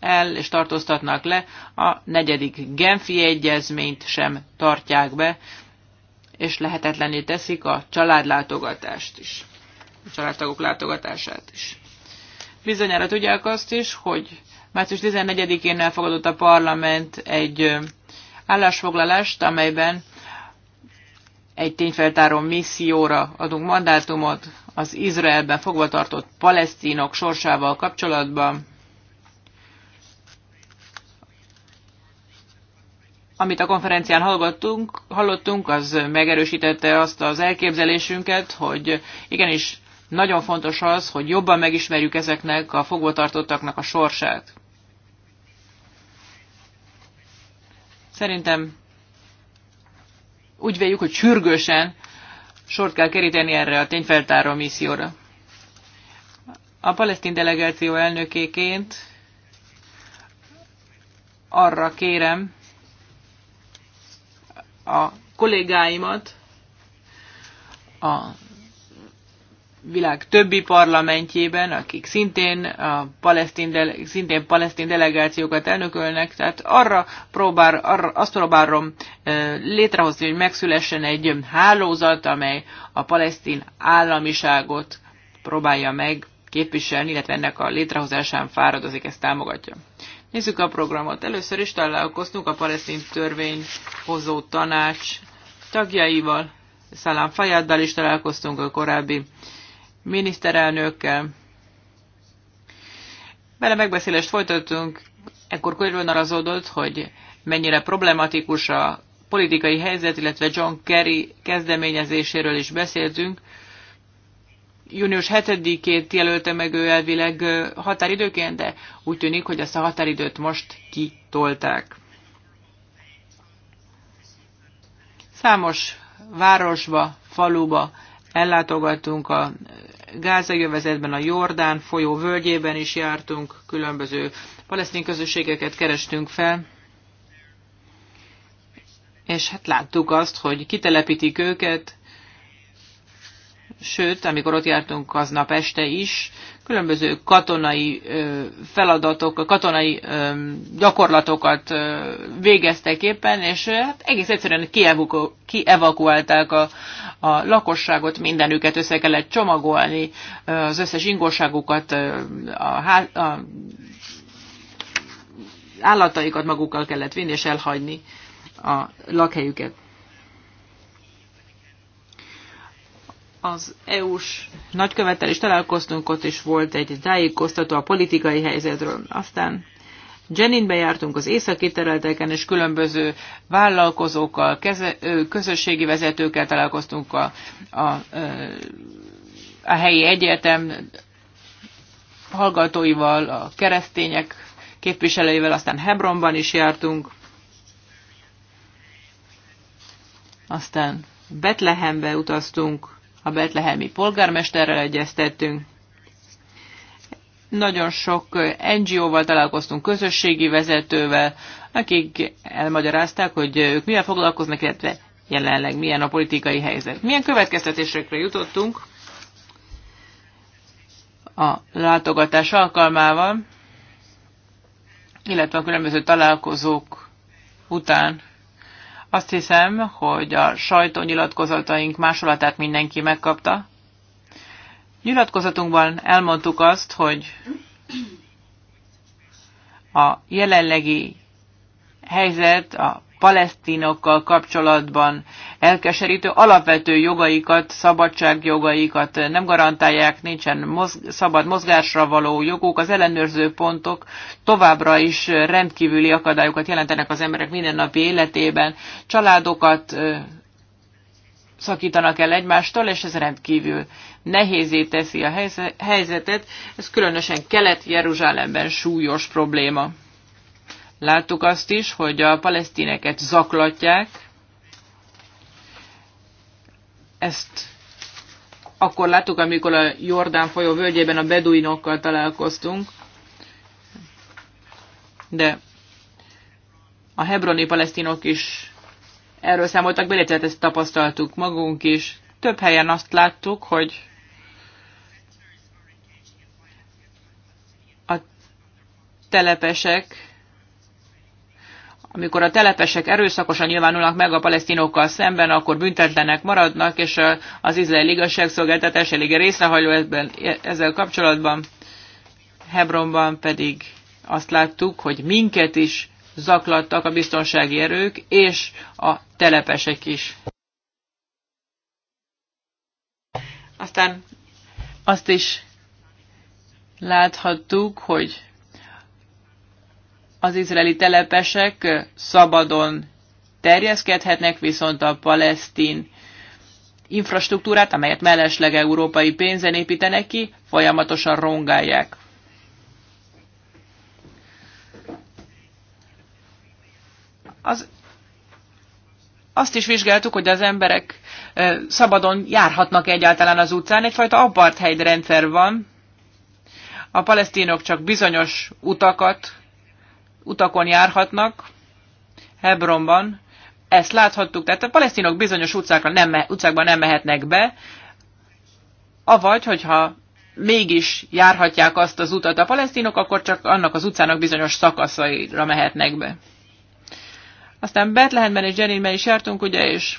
el és tartóztatnak le, a negyedik Genfi egyezményt sem tartják be, és lehetetlené teszik a családlátogatást is, a családtagok látogatását is. Bizonyára tudják azt is, hogy március 14-én elfogadott a parlament egy állásfoglalást, amelyben egy tényfeltáró misszióra adunk mandátumot az Izraelben fogvatartott palesztinok sorsával kapcsolatban, amit a konferencián hallottunk, hallottunk, az megerősítette azt az elképzelésünket, hogy igenis nagyon fontos az, hogy jobban megismerjük ezeknek a fogvatartottaknak a sorsát. Szerintem úgy véljük, hogy sürgősen sort kell keríteni erre a tényfeltáró misszióra. A palesztin delegáció elnökéként arra kérem a kollégáimat, a világ többi parlamentjében, akik szintén, a palesztin, dele, szintén palesztin delegációkat elnökölnek, tehát arra próbál, arra, azt próbálom létrehozni, hogy megszülessen egy hálózat, amely a palesztin államiságot próbálja meg képviselni, illetve ennek a létrehozásán fáradozik, ezt támogatja. Nézzük a programot. Először is találkoztunk a palesztin törvényhozó tanács tagjaival, Szalán Fajáddal is találkoztunk a korábbi miniszterelnökkel. Vele megbeszélést folytattunk, ekkor körülnarazódott, hogy mennyire problematikus a politikai helyzet, illetve John Kerry kezdeményezéséről is beszéltünk. Június 7-ét jelölte meg ő elvileg határidőként, de úgy tűnik, hogy ezt a határidőt most kitolták. Számos városba, faluba ellátogattunk a gázai a Jordán folyó völgyében is jártunk, különböző palesztin közösségeket kerestünk fel, és hát láttuk azt, hogy kitelepítik őket, sőt, amikor ott jártunk aznap este is, különböző katonai feladatok, katonai gyakorlatokat végeztek éppen, és hát egész egyszerűen kievakuálták a, a lakosságot, mindenüket össze kellett csomagolni, az összes ingóságukat, a, a, a állataikat magukkal kellett vinni és elhagyni a lakhelyüket. az EU-s nagykövettel is találkoztunk, ott is volt egy tájékoztató a politikai helyzetről. Aztán Jeninbe jártunk az északi területeken, és különböző vállalkozókkal, keze, közösségi vezetőkkel találkoztunk a, a, a, a helyi egyetem hallgatóival, a keresztények képviselőivel, aztán Hebronban is jártunk, aztán Betlehembe utaztunk, a betlehemi polgármesterrel egyeztettünk, nagyon sok NGO-val találkoztunk, közösségi vezetővel, akik elmagyarázták, hogy ők milyen foglalkoznak, illetve jelenleg milyen a politikai helyzet. Milyen következtetésekre jutottunk a látogatás alkalmával, illetve a különböző találkozók után. Azt hiszem, hogy a sajtó nyilatkozataink másolatát mindenki megkapta. Nyilatkozatunkban elmondtuk azt, hogy a jelenlegi helyzet a palesztinokkal kapcsolatban elkeserítő alapvető jogaikat, szabadságjogaikat nem garantálják, nincsen mozg- szabad mozgásra való joguk, az ellenőrző pontok továbbra is rendkívüli akadályokat jelentenek az emberek mindennapi életében, családokat szakítanak el egymástól, és ez rendkívül nehézé teszi a helyzetet. Ez különösen Kelet-Jeruzsálemben súlyos probléma. Láttuk azt is, hogy a palesztineket zaklatják. Ezt akkor láttuk, amikor a Jordán folyó völgyében a beduinokkal találkoztunk. De a hebroni palesztinok is erről számoltak, illetve ezt tapasztaltuk magunk is. Több helyen azt láttuk, hogy a telepesek amikor a telepesek erőszakosan nyilvánulnak meg a palesztinokkal szemben, akkor büntetlenek maradnak, és az izraeli igazságszolgáltatás elég részrehajló ebben, e, ezzel kapcsolatban. Hebronban pedig azt láttuk, hogy minket is zaklattak a biztonsági erők, és a telepesek is. Aztán azt is láthattuk, hogy az izraeli telepesek szabadon terjeszkedhetnek, viszont a palesztin infrastruktúrát, amelyet mellesleg európai pénzen építenek ki, folyamatosan rongálják. Az, azt is vizsgáltuk, hogy az emberek szabadon járhatnak egyáltalán az utcán. Egyfajta apartheid rendszer van. A palesztinok csak bizonyos utakat utakon járhatnak Hebronban. Ezt láthattuk, tehát a palesztinok bizonyos utcákra nem, utcákban nem mehetnek be, avagy, hogyha mégis járhatják azt az utat a palesztinok, akkor csak annak az utcának bizonyos szakaszaira mehetnek be. Aztán Betlehemben és Jeninben is jártunk, ugye, és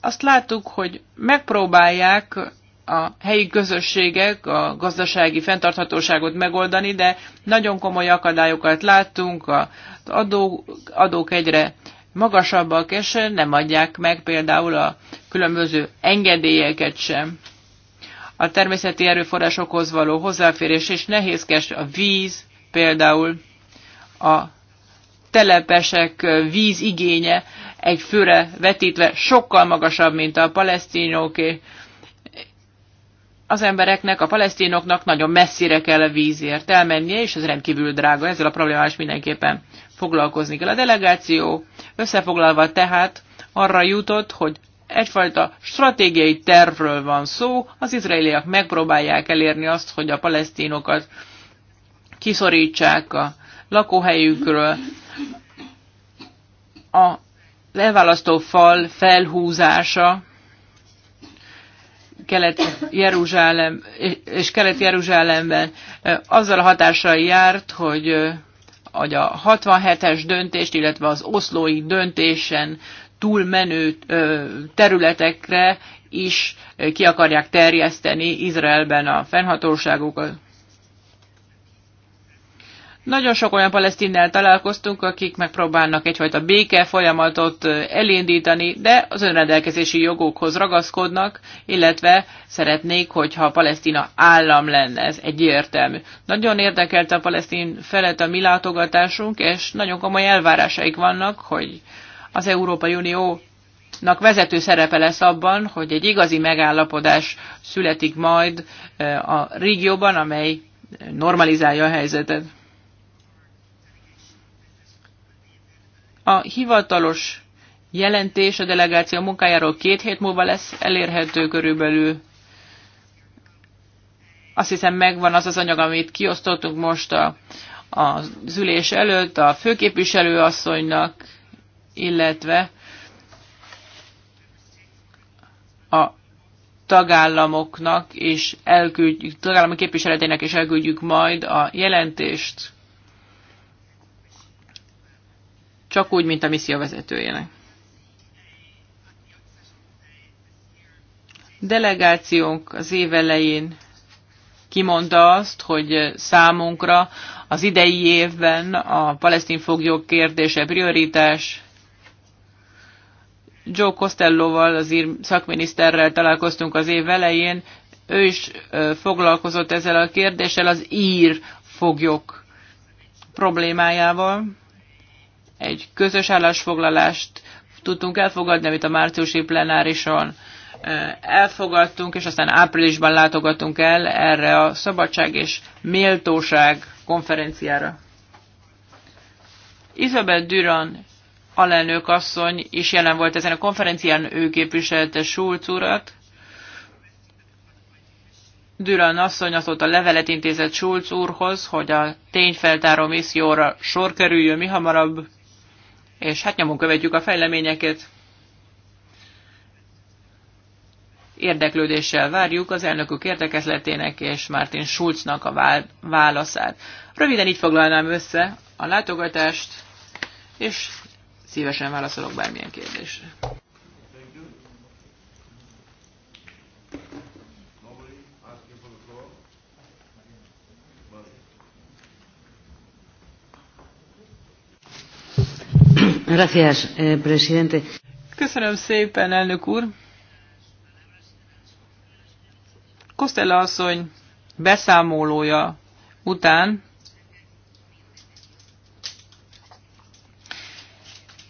azt láttuk, hogy megpróbálják a helyi közösségek a gazdasági fenntarthatóságot megoldani, de nagyon komoly akadályokat láttunk, az adók, adók egyre magasabbak, és nem adják meg például a különböző engedélyeket sem. A természeti erőforrásokhoz való hozzáférés és nehézkes a víz, például a telepesek vízigénye egy főre vetítve sokkal magasabb, mint a palesztinoké az embereknek, a palesztinoknak nagyon messzire kell a vízért elmennie, és ez rendkívül drága, ezzel a problémával is mindenképpen foglalkozni kell. A delegáció összefoglalva tehát arra jutott, hogy egyfajta stratégiai tervről van szó, az izraeliek megpróbálják elérni azt, hogy a palesztinokat kiszorítsák a lakóhelyükről, a leválasztó fal felhúzása Kelet-Jeruzsálem és Kelet-Jeruzsálemben azzal a hatással járt, hogy hogy a 67-es döntést, illetve az oszlói döntésen túlmenő területekre is ki akarják terjeszteni Izraelben a fennhatóságokat. Nagyon sok olyan palesztinnel találkoztunk, akik megpróbálnak egyfajta béke folyamatot elindítani, de az önrendelkezési jogokhoz ragaszkodnak, illetve szeretnék, hogyha a Palesztina állam lenne, ez egyértelmű. Nagyon érdekelte a palesztin felett a mi látogatásunk, és nagyon komoly elvárásaik vannak, hogy az Európai Unió nak vezető szerepe lesz abban, hogy egy igazi megállapodás születik majd a régióban, amely normalizálja a helyzetet. A hivatalos jelentés a delegáció munkájáról két hét múlva lesz elérhető körülbelül. Azt hiszem megvan az az anyag, amit kiosztottunk most a, a ülés előtt a főképviselő asszonynak, illetve a tagállamoknak és elküldjük, tagállami képviseletének és elküldjük majd a jelentést. csak úgy, mint a misszió vezetőjének. Delegációnk az év elején kimondta azt, hogy számunkra az idei évben a palesztin foglyok kérdése prioritás. Joe Costellóval, az ír szakminiszterrel találkoztunk az év elején, ő is foglalkozott ezzel a kérdéssel, az ír foglyok problémájával egy közös állásfoglalást tudtunk elfogadni, amit a márciusi plenárison elfogadtunk, és aztán áprilisban látogatunk el erre a szabadság és méltóság konferenciára. Isabel Duran alelnök asszony is jelen volt ezen a konferencián, ő képviselte Schulz urat. Duran asszony azóta levelet intézett Schulz úrhoz, hogy a tényfeltáró misszióra sor kerüljön mi hamarabb és hát nyomon követjük a fejleményeket. Érdeklődéssel várjuk az elnökök érdekezletének és Martin Schulznak a válaszát. Röviden így foglalnám össze a látogatást, és szívesen válaszolok bármilyen kérdésre. Gracias, eh, presidente. Köszönöm szépen, elnök úr. Costello asszony beszámolója után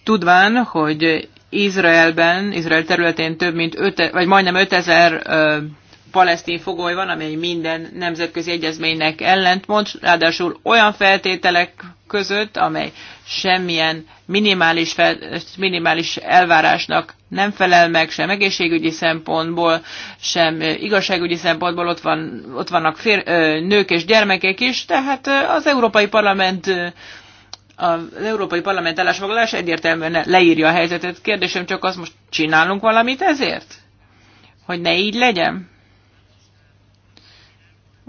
tudván, hogy Izraelben, Izrael területén több mint 5, vagy majdnem 5000 palesztin fogoly van, amely minden nemzetközi egyezménynek ellentmond, ráadásul olyan feltételek között, amely semmilyen minimális, fel, minimális elvárásnak nem felel meg, sem egészségügyi szempontból, sem igazságügyi szempontból, ott, van, ott vannak fér, nők és gyermekek is, tehát az Európai Parlament az Európai Parlament állásfoglalás egyértelműen leírja a helyzetet. Kérdésem csak az, most csinálunk valamit ezért? Hogy ne így legyen?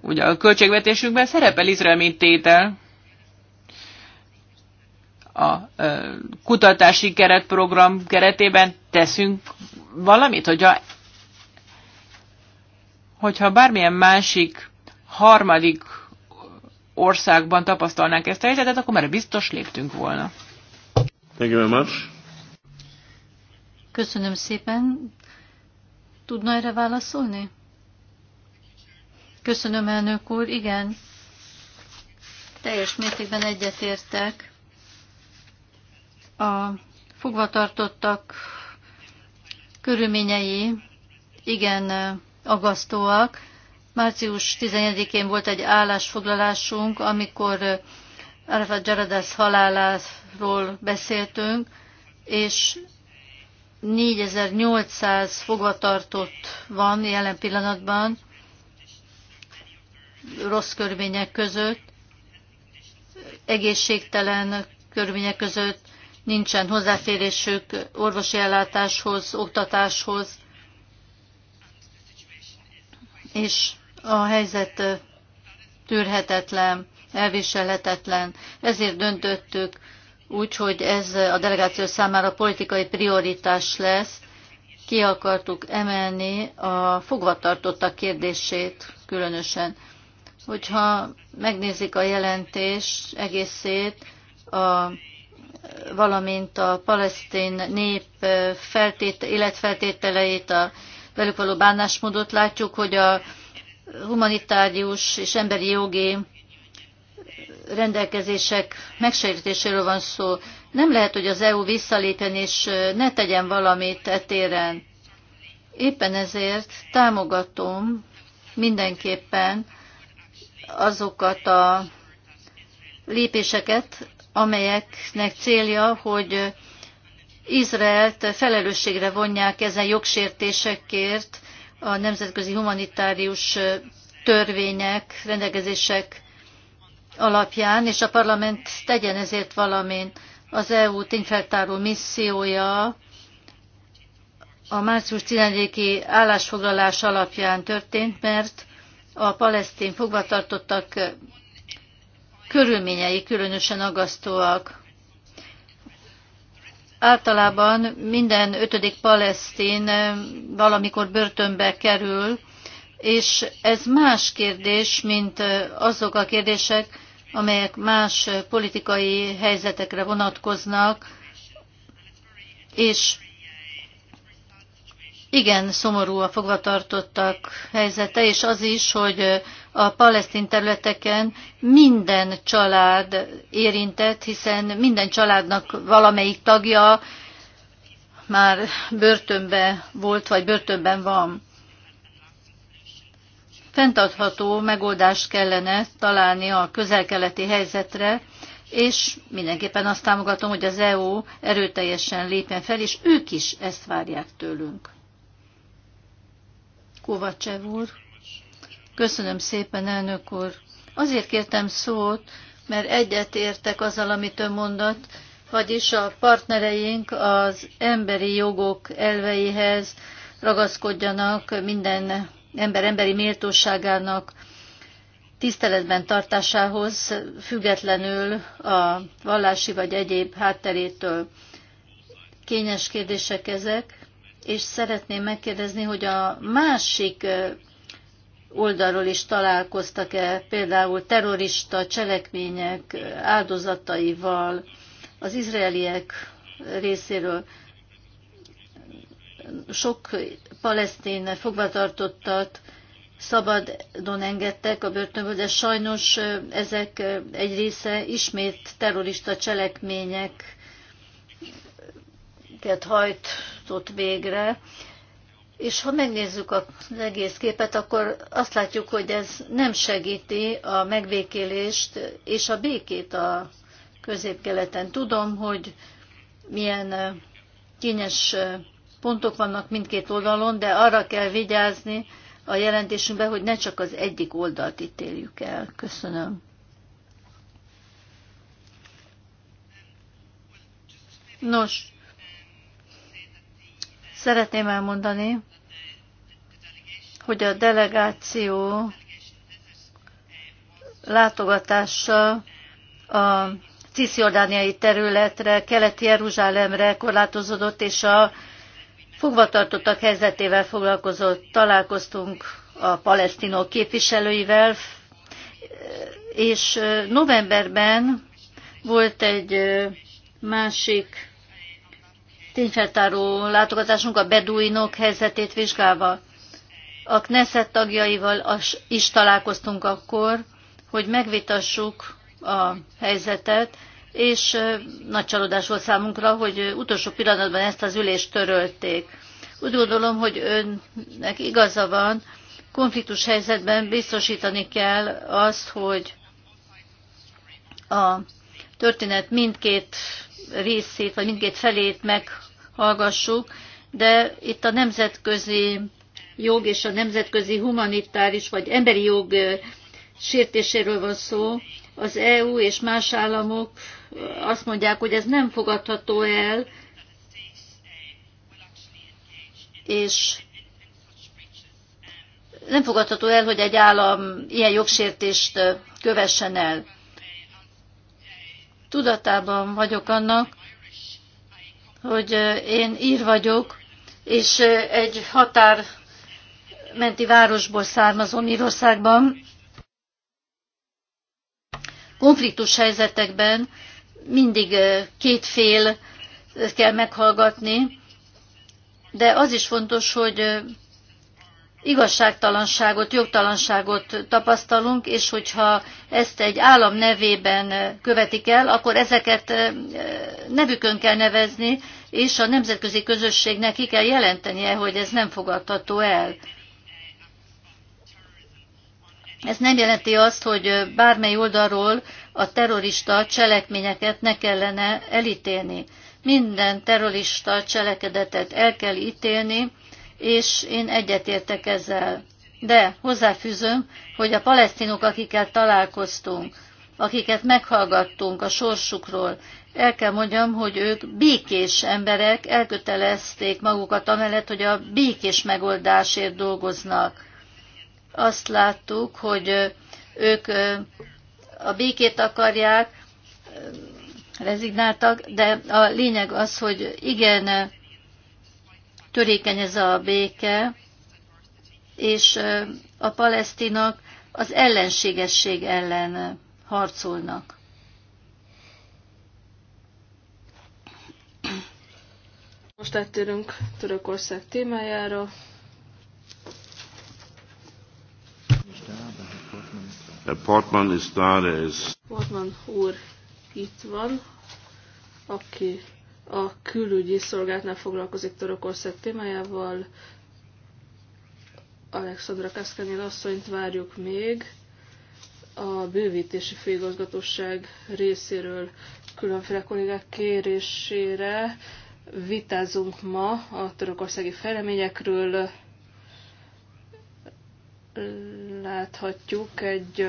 Ugye a költségvetésünkben szerepel Izrael mint tétel, a kutatási keretprogram keretében teszünk valamit, hogyha, hogyha bármilyen másik harmadik országban tapasztalnánk ezt a helyzetet, akkor már biztos léptünk volna. Thank you very much. Köszönöm szépen. Tudna erre válaszolni? Köszönöm, elnök úr. Igen, teljes mértékben egyetértek. A fogvatartottak körülményei igen agasztóak. Március 11-én volt egy állásfoglalásunk, amikor Arafat Jaradas haláláról beszéltünk, és 4800 fogvatartott van jelen pillanatban, rossz körülmények között, egészségtelen körülmények között, nincsen hozzáférésük orvosi ellátáshoz, oktatáshoz, és a helyzet tűrhetetlen, elviselhetetlen. Ezért döntöttük úgy, hogy ez a delegáció számára politikai prioritás lesz. Ki akartuk emelni a fogvatartottak kérdését különösen hogyha megnézik a jelentés egészét, a, valamint a palesztin nép feltéte, életfeltételeit, a velük való bánásmódot látjuk, hogy a humanitárius és emberi jogi rendelkezések megsértéséről van szó. Nem lehet, hogy az EU visszalépjen és ne tegyen valamit etéren. Éppen ezért támogatom mindenképpen azokat a lépéseket, amelyeknek célja, hogy Izraelt felelősségre vonják ezen jogsértésekért a nemzetközi humanitárius törvények, rendelkezések alapján, és a parlament tegyen ezért valamint az EU tényfeltáró missziója a március 11-i állásfoglalás alapján történt, mert a palesztin fogvatartottak körülményei különösen agasztóak. Általában minden ötödik palesztin valamikor börtönbe kerül, és ez más kérdés, mint azok a kérdések, amelyek más politikai helyzetekre vonatkoznak, és igen szomorú a fogvatartottak helyzete, és az is, hogy a palesztin területeken minden család érintett, hiszen minden családnak valamelyik tagja már börtönbe volt, vagy börtönben van. Fentartható megoldást kellene találni a közelkeleti helyzetre, és mindenképpen azt támogatom, hogy az EU erőteljesen lépjen fel, és ők is ezt várják tőlünk. Kovacsev úr. Köszönöm szépen, elnök úr. Azért kértem szót, mert egyet értek azzal, amit ön mondott, vagyis a partnereink az emberi jogok elveihez ragaszkodjanak minden ember emberi méltóságának tiszteletben tartásához, függetlenül a vallási vagy egyéb hátterétől. Kényes kérdések ezek, és szeretném megkérdezni, hogy a másik oldalról is találkoztak-e például terrorista cselekmények áldozataival az izraeliek részéről. Sok palesztin fogvatartottat szabadon engedtek a börtönből, de sajnos ezek egy része ismét terrorista cselekményeket hajt hajtott végre, és ha megnézzük az egész képet, akkor azt látjuk, hogy ez nem segíti a megvékélést és a békét a középkeleten. Tudom, hogy milyen kényes pontok vannak mindkét oldalon, de arra kell vigyázni a jelentésünkben, hogy ne csak az egyik oldalt ítéljük el. Köszönöm. Nos, Szeretném elmondani, hogy a delegáció látogatása a cisziordániai területre, keleti Jeruzsálemre korlátozódott, és a fogvatartottak helyzetével foglalkozott. Találkoztunk a palesztinok képviselőivel, és novemberben volt egy másik tényfeltáró látogatásunk a beduinok helyzetét vizsgálva. A Knesset tagjaival is találkoztunk akkor, hogy megvitassuk a helyzetet, és nagy csalódás volt számunkra, hogy utolsó pillanatban ezt az ülést törölték. Úgy gondolom, hogy önnek igaza van, konfliktus helyzetben biztosítani kell azt, hogy a történet mindkét részét, vagy mindkét felét meghallgassuk, de itt a nemzetközi jog és a nemzetközi humanitáris vagy emberi jog sértéséről van szó. Az EU és más államok azt mondják, hogy ez nem fogadható el, és nem fogadható el, hogy egy állam ilyen jogsértést kövessen el tudatában vagyok annak, hogy én ír vagyok, és egy határmenti városból származom Írországban. Konfliktus helyzetekben mindig két fél kell meghallgatni, de az is fontos, hogy igazságtalanságot, jogtalanságot tapasztalunk, és hogyha ezt egy állam nevében követik el, akkor ezeket nevükön kell nevezni, és a nemzetközi közösségnek ki kell jelentenie, hogy ez nem fogadható el. Ez nem jelenti azt, hogy bármely oldalról a terrorista cselekményeket ne kellene elítélni. Minden terrorista cselekedetet el kell ítélni, és én egyetértek ezzel. De hozzáfűzöm, hogy a palesztinok, akikkel találkoztunk, akiket meghallgattunk a sorsukról, el kell mondjam, hogy ők békés emberek, elkötelezték magukat amellett, hogy a békés megoldásért dolgoznak. Azt láttuk, hogy ők a békét akarják, rezignáltak, de a lényeg az, hogy igen, törékeny ez a béke, és a palesztinak az ellenségesség ellen harcolnak. Most áttérünk Törökország témájára. Portman is there is. Portman úr itt van, aki a külügyi szolgálatnál foglalkozik Törökország témájával. Alexandra Kaszkanyin asszonyt várjuk még a bővítési főigazgatóság részéről különféle kollégák kérésére vitázunk ma a törökországi fejleményekről. Láthatjuk egy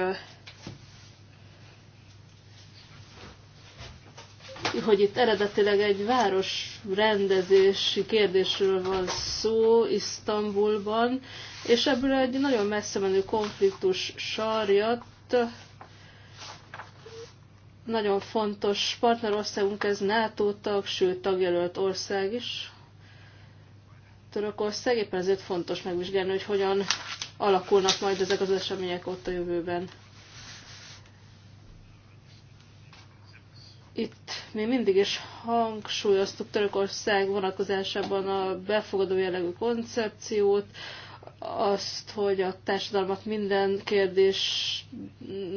hogy itt eredetileg egy város rendezési kérdésről van szó Isztambulban, és ebből egy nagyon messze menő konfliktus sarjat nagyon fontos partnerországunk, ez NATO tag, sőt tagjelölt ország is. Törökország éppen ezért fontos megvizsgálni, hogy hogyan alakulnak majd ezek az események ott a jövőben. Itt mi mindig is hangsúlyoztuk Törökország vonatkozásában a befogadó jellegű koncepciót, azt, hogy a társadalmat minden kérdés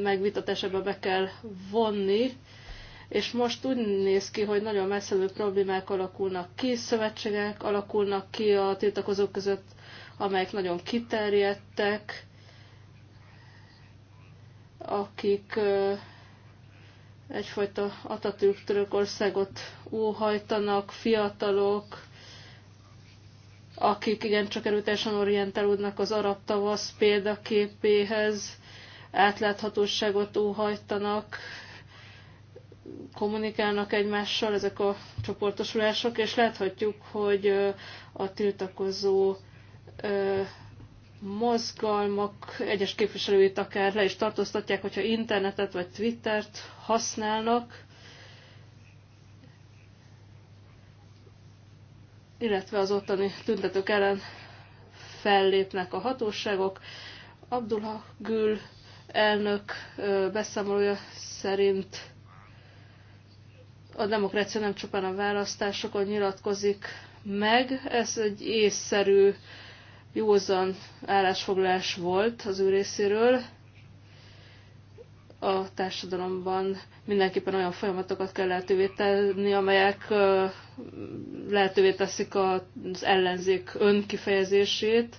megvitatásába be kell vonni, és most úgy néz ki, hogy nagyon messzelő problémák alakulnak ki, szövetségek alakulnak ki a tiltakozók között, amelyek nagyon kiterjedtek, akik egyfajta Atatürk Törökországot óhajtanak fiatalok, akik igencsak erőteljesen orientálódnak az arab tavasz példaképéhez, átláthatóságot óhajtanak, kommunikálnak egymással ezek a csoportosulások, és láthatjuk, hogy a tiltakozó mozgalmak egyes képviselőit akár le is tartóztatják, hogyha internetet vagy Twittert használnak, illetve az ottani tüntetők ellen fellépnek a hatóságok. Abdullah Gül elnök beszámolója szerint a demokrácia nem csupán a választásokon nyilatkozik meg, ez egy észszerű józan állásfoglalás volt az ő részéről. A társadalomban mindenképpen olyan folyamatokat kell lehetővé tenni, amelyek lehetővé teszik az ellenzék önkifejezését.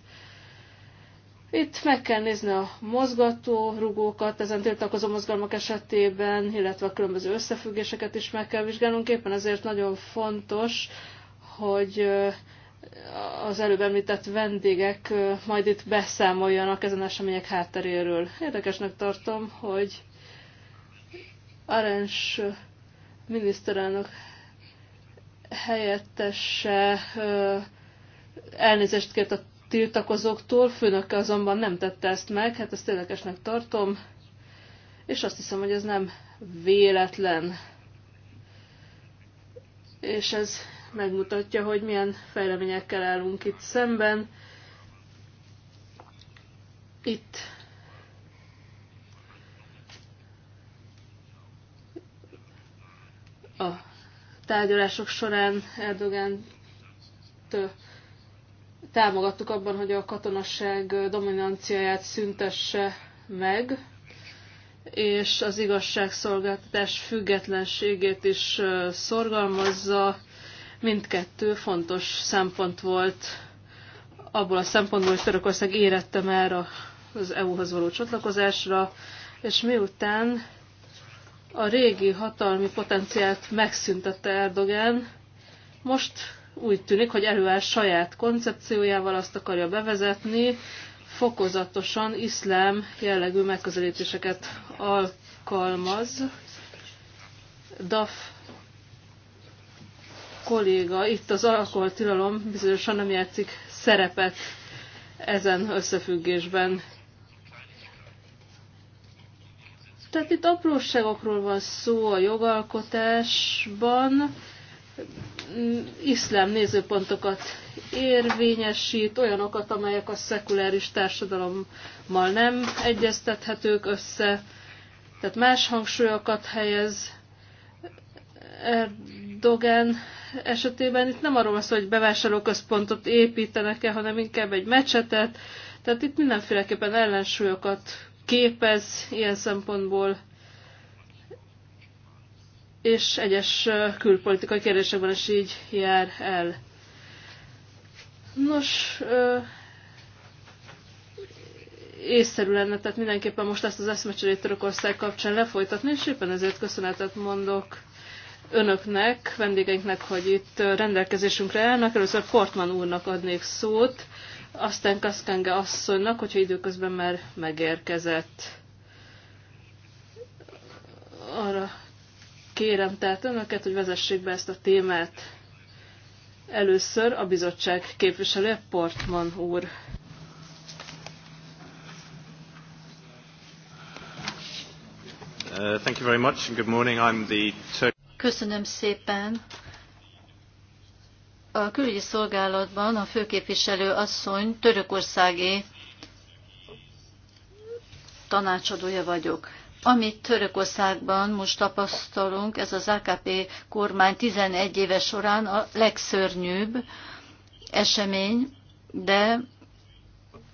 Itt meg kell nézni a mozgató rugókat, ezen tiltakozó mozgalmak esetében, illetve a különböző összefüggéseket is meg kell vizsgálnunk. Éppen ezért nagyon fontos, hogy az előbb említett vendégek majd itt beszámoljanak ezen események hátteréről. Érdekesnek tartom, hogy Arens miniszterelnök helyettese elnézést kért a tiltakozóktól, főnöke azonban nem tette ezt meg, hát ezt érdekesnek tartom, és azt hiszem, hogy ez nem véletlen. És ez megmutatja, hogy milyen fejleményekkel állunk itt szemben. Itt a tárgyalások során Erdogan támogattuk abban, hogy a katonasság dominanciáját szüntesse meg, és az igazságszolgáltatás függetlenségét is szorgalmazza, Mindkettő fontos szempont volt abból a szempontból, hogy Törökország érette már az EU-hoz való csatlakozásra, és miután a régi hatalmi potenciált megszüntette Erdogan, most úgy tűnik, hogy előáll saját koncepciójával, azt akarja bevezetni, fokozatosan iszlám jellegű megközelítéseket alkalmaz. DAF kolléga, itt az alkoholtilalom bizonyosan nem játszik szerepet ezen összefüggésben. Tehát itt apróságokról van szó a jogalkotásban, iszlám nézőpontokat érvényesít, olyanokat, amelyek a szekuláris társadalommal nem egyeztethetők össze, tehát más hangsúlyokat helyez Erdogan esetében itt nem arról van szó, hogy bevásárlóközpontot építenek-e, hanem inkább egy mecsetet. Tehát itt mindenféleképpen ellensúlyokat képez ilyen szempontból, és egyes külpolitikai kérdésekben is így jár el. Nos, észszerű lenne, tehát mindenképpen most ezt az eszmecserét Törökország kapcsán lefolytatni, és éppen ezért köszönetet mondok önöknek, vendégeinknek, hogy itt rendelkezésünkre állnak. Először Portman úrnak adnék szót, aztán Kaszkenge asszonynak, hogyha időközben már megérkezett. Arra kérem tehát önöket, hogy vezessék be ezt a témát. Először a bizottság képviselője Portman úr. Uh, thank you very much. and Good morning. I'm the Köszönöm szépen. A külügyi szolgálatban a főképviselő asszony törökországi tanácsadója vagyok. Amit Törökországban most tapasztalunk, ez az AKP kormány 11 éve során a legszörnyűbb esemény, de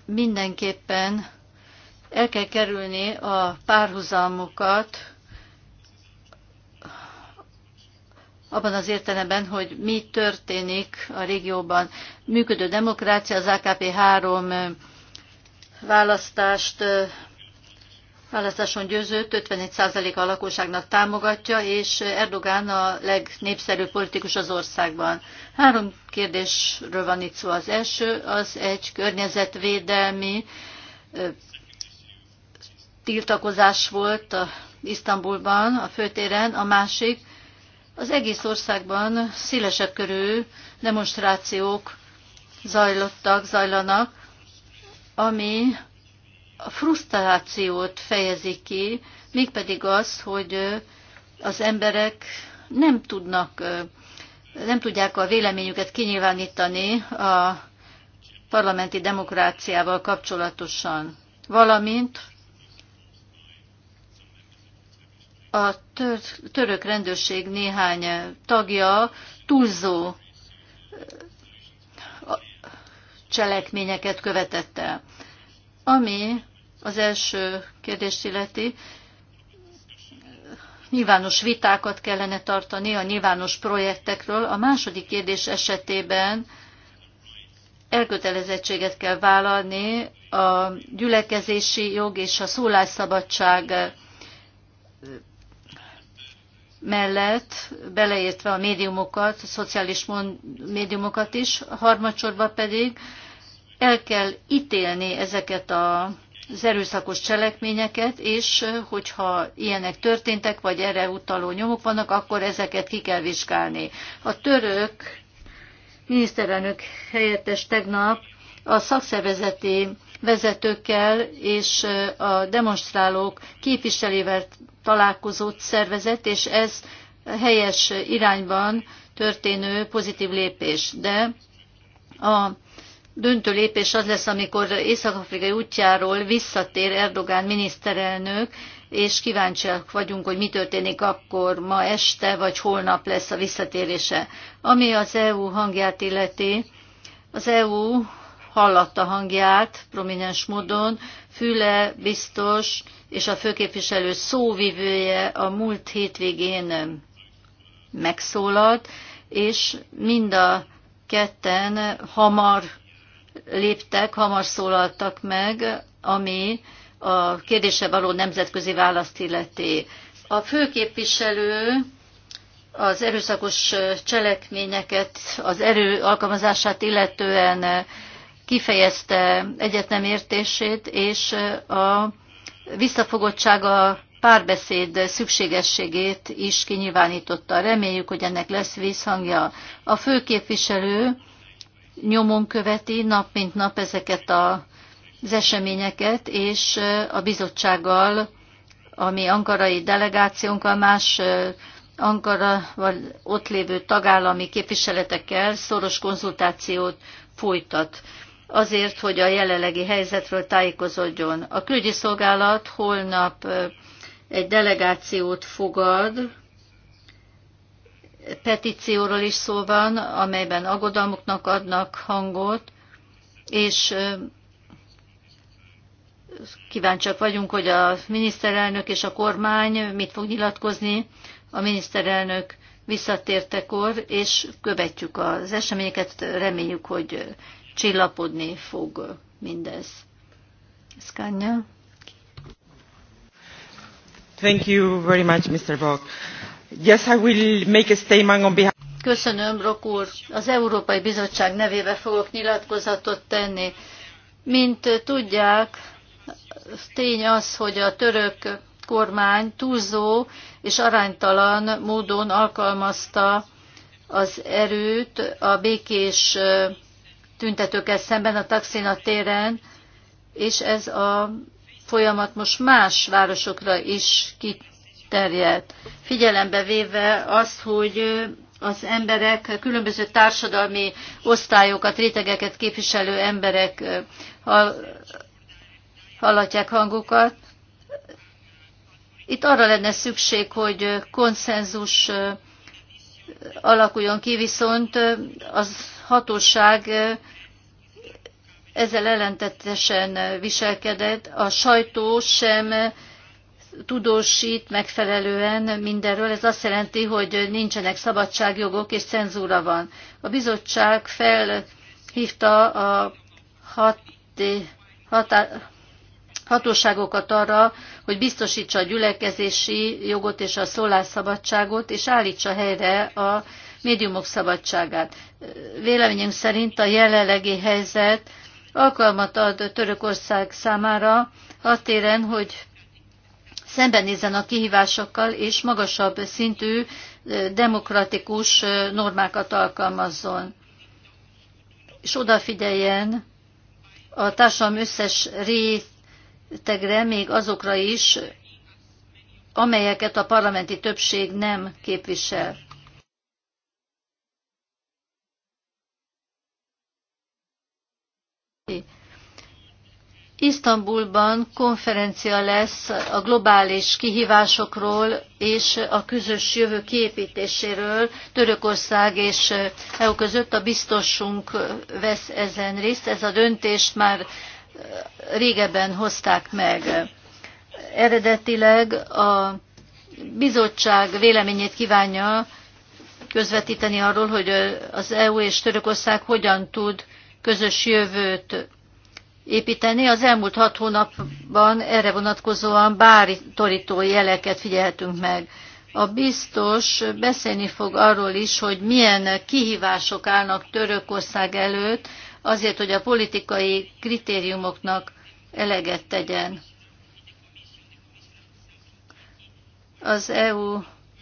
mindenképpen el kell kerülni a párhuzamokat abban az értelemben, hogy mi történik a régióban. Működő demokrácia, az AKP három választást választáson győzött, 51% a lakosságnak támogatja, és Erdogán a legnépszerűbb politikus az országban. Három kérdésről van itt szó. Az első, az egy környezetvédelmi tiltakozás volt a Isztambulban, a főtéren, a másik az egész országban szélesebb körű demonstrációk zajlottak, zajlanak, ami a frusztrációt fejezi ki, mégpedig az, hogy az emberek nem tudnak, nem tudják a véleményüket kinyilvánítani a parlamenti demokráciával kapcsolatosan, valamint a török rendőrség néhány tagja túlzó cselekményeket követett el. Ami az első kérdést illeti, nyilvános vitákat kellene tartani a nyilvános projektekről. A második kérdés esetében elkötelezettséget kell vállalni a gyülekezési jog és a szólásszabadság mellett, beleértve a médiumokat, a szociális médiumokat is, harmadsorban pedig el kell ítélni ezeket a az erőszakos cselekményeket, és hogyha ilyenek történtek, vagy erre utaló nyomok vannak, akkor ezeket ki kell vizsgálni. A török miniszterelnök helyettes tegnap a szakszervezeti vezetőkkel és a demonstrálók képviselével találkozót szervezett, és ez helyes irányban történő pozitív lépés. De a döntő lépés az lesz, amikor Észak-Afrikai útjáról visszatér Erdogán miniszterelnök, és kíváncsiak vagyunk, hogy mi történik akkor ma este, vagy holnap lesz a visszatérése. Ami az EU hangját illeti, az EU hallatta hangját prominens módon. Füle biztos és a főképviselő szóvivője a múlt hétvégén megszólalt, és mind a ketten hamar léptek, hamar szólaltak meg, ami a kérdése való nemzetközi választ illeti. A főképviselő az erőszakos cselekményeket, az erő alkalmazását illetően kifejezte egyetem értését, és a visszafogottsága párbeszéd szükségességét is kinyilvánította. Reméljük, hogy ennek lesz vízhangja. A főképviselő nyomon követi nap mint nap ezeket a, az eseményeket, és a bizottsággal, ami ankarai delegációnkkal, más Ankara vagy ott lévő tagállami képviseletekkel szoros konzultációt folytat azért, hogy a jelenlegi helyzetről tájékozódjon. A külügyi szolgálat holnap egy delegációt fogad, petícióról is szó van, amelyben aggodalmuknak adnak hangot, és kíváncsiak vagyunk, hogy a miniszterelnök és a kormány mit fog nyilatkozni. A miniszterelnök visszatértekor, és követjük az eseményeket, reméljük, hogy csillapodni fog mindez. Szkánya. Thank you very much, Mr. Bok. Yes, I will make a statement on behalf Köszönöm, Rok úr. Az Európai Bizottság nevébe fogok nyilatkozatot tenni. Mint tudják, tény az, hogy a török kormány túlzó és aránytalan módon alkalmazta az erőt a békés tüntetőkkel szemben a Taxina téren, és ez a folyamat most más városokra is kiterjedt. Figyelembe véve azt, hogy az emberek, különböző társadalmi osztályokat, rétegeket képviselő emberek hallatják hangukat. Itt arra lenne szükség, hogy konszenzus alakuljon ki, viszont az hatóság ezzel ellentetesen viselkedett. A sajtó sem tudósít megfelelően mindenről. Ez azt jelenti, hogy nincsenek szabadságjogok és cenzúra van. A bizottság felhívta a hat, hatá, hatóságokat arra, hogy biztosítsa a gyülekezési jogot és a szólásszabadságot, és állítsa helyre a médiumok szabadságát. Véleményünk szerint a jelenlegi helyzet alkalmat ad Törökország számára a téren, hogy szembenézzen a kihívásokkal, és magasabb szintű demokratikus normákat alkalmazzon. És odafigyeljen a társadalom összes rétegre, még azokra is, amelyeket a parlamenti többség nem képvisel. Isztambulban konferencia lesz a globális kihívásokról és a közös jövő kiépítéséről. Törökország és EU között a biztosunk vesz ezen részt. Ez a döntést már régebben hozták meg. Eredetileg a bizottság véleményét kívánja közvetíteni arról, hogy az EU és Törökország hogyan tud közös jövőt építeni. Az elmúlt hat hónapban erre vonatkozóan torító jeleket figyelhetünk meg. A biztos beszélni fog arról is, hogy milyen kihívások állnak Törökország előtt, azért, hogy a politikai kritériumoknak eleget tegyen. Az EU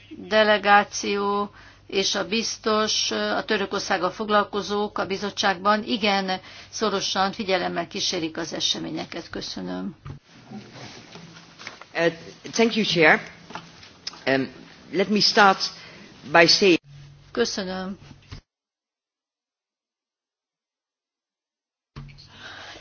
delegáció és a biztos, a Törökországgal foglalkozók a bizottságban igen szorosan figyelemmel kísérik az eseményeket. Köszönöm. Uh, thank you, Chair. Um, let me start by saying... Köszönöm.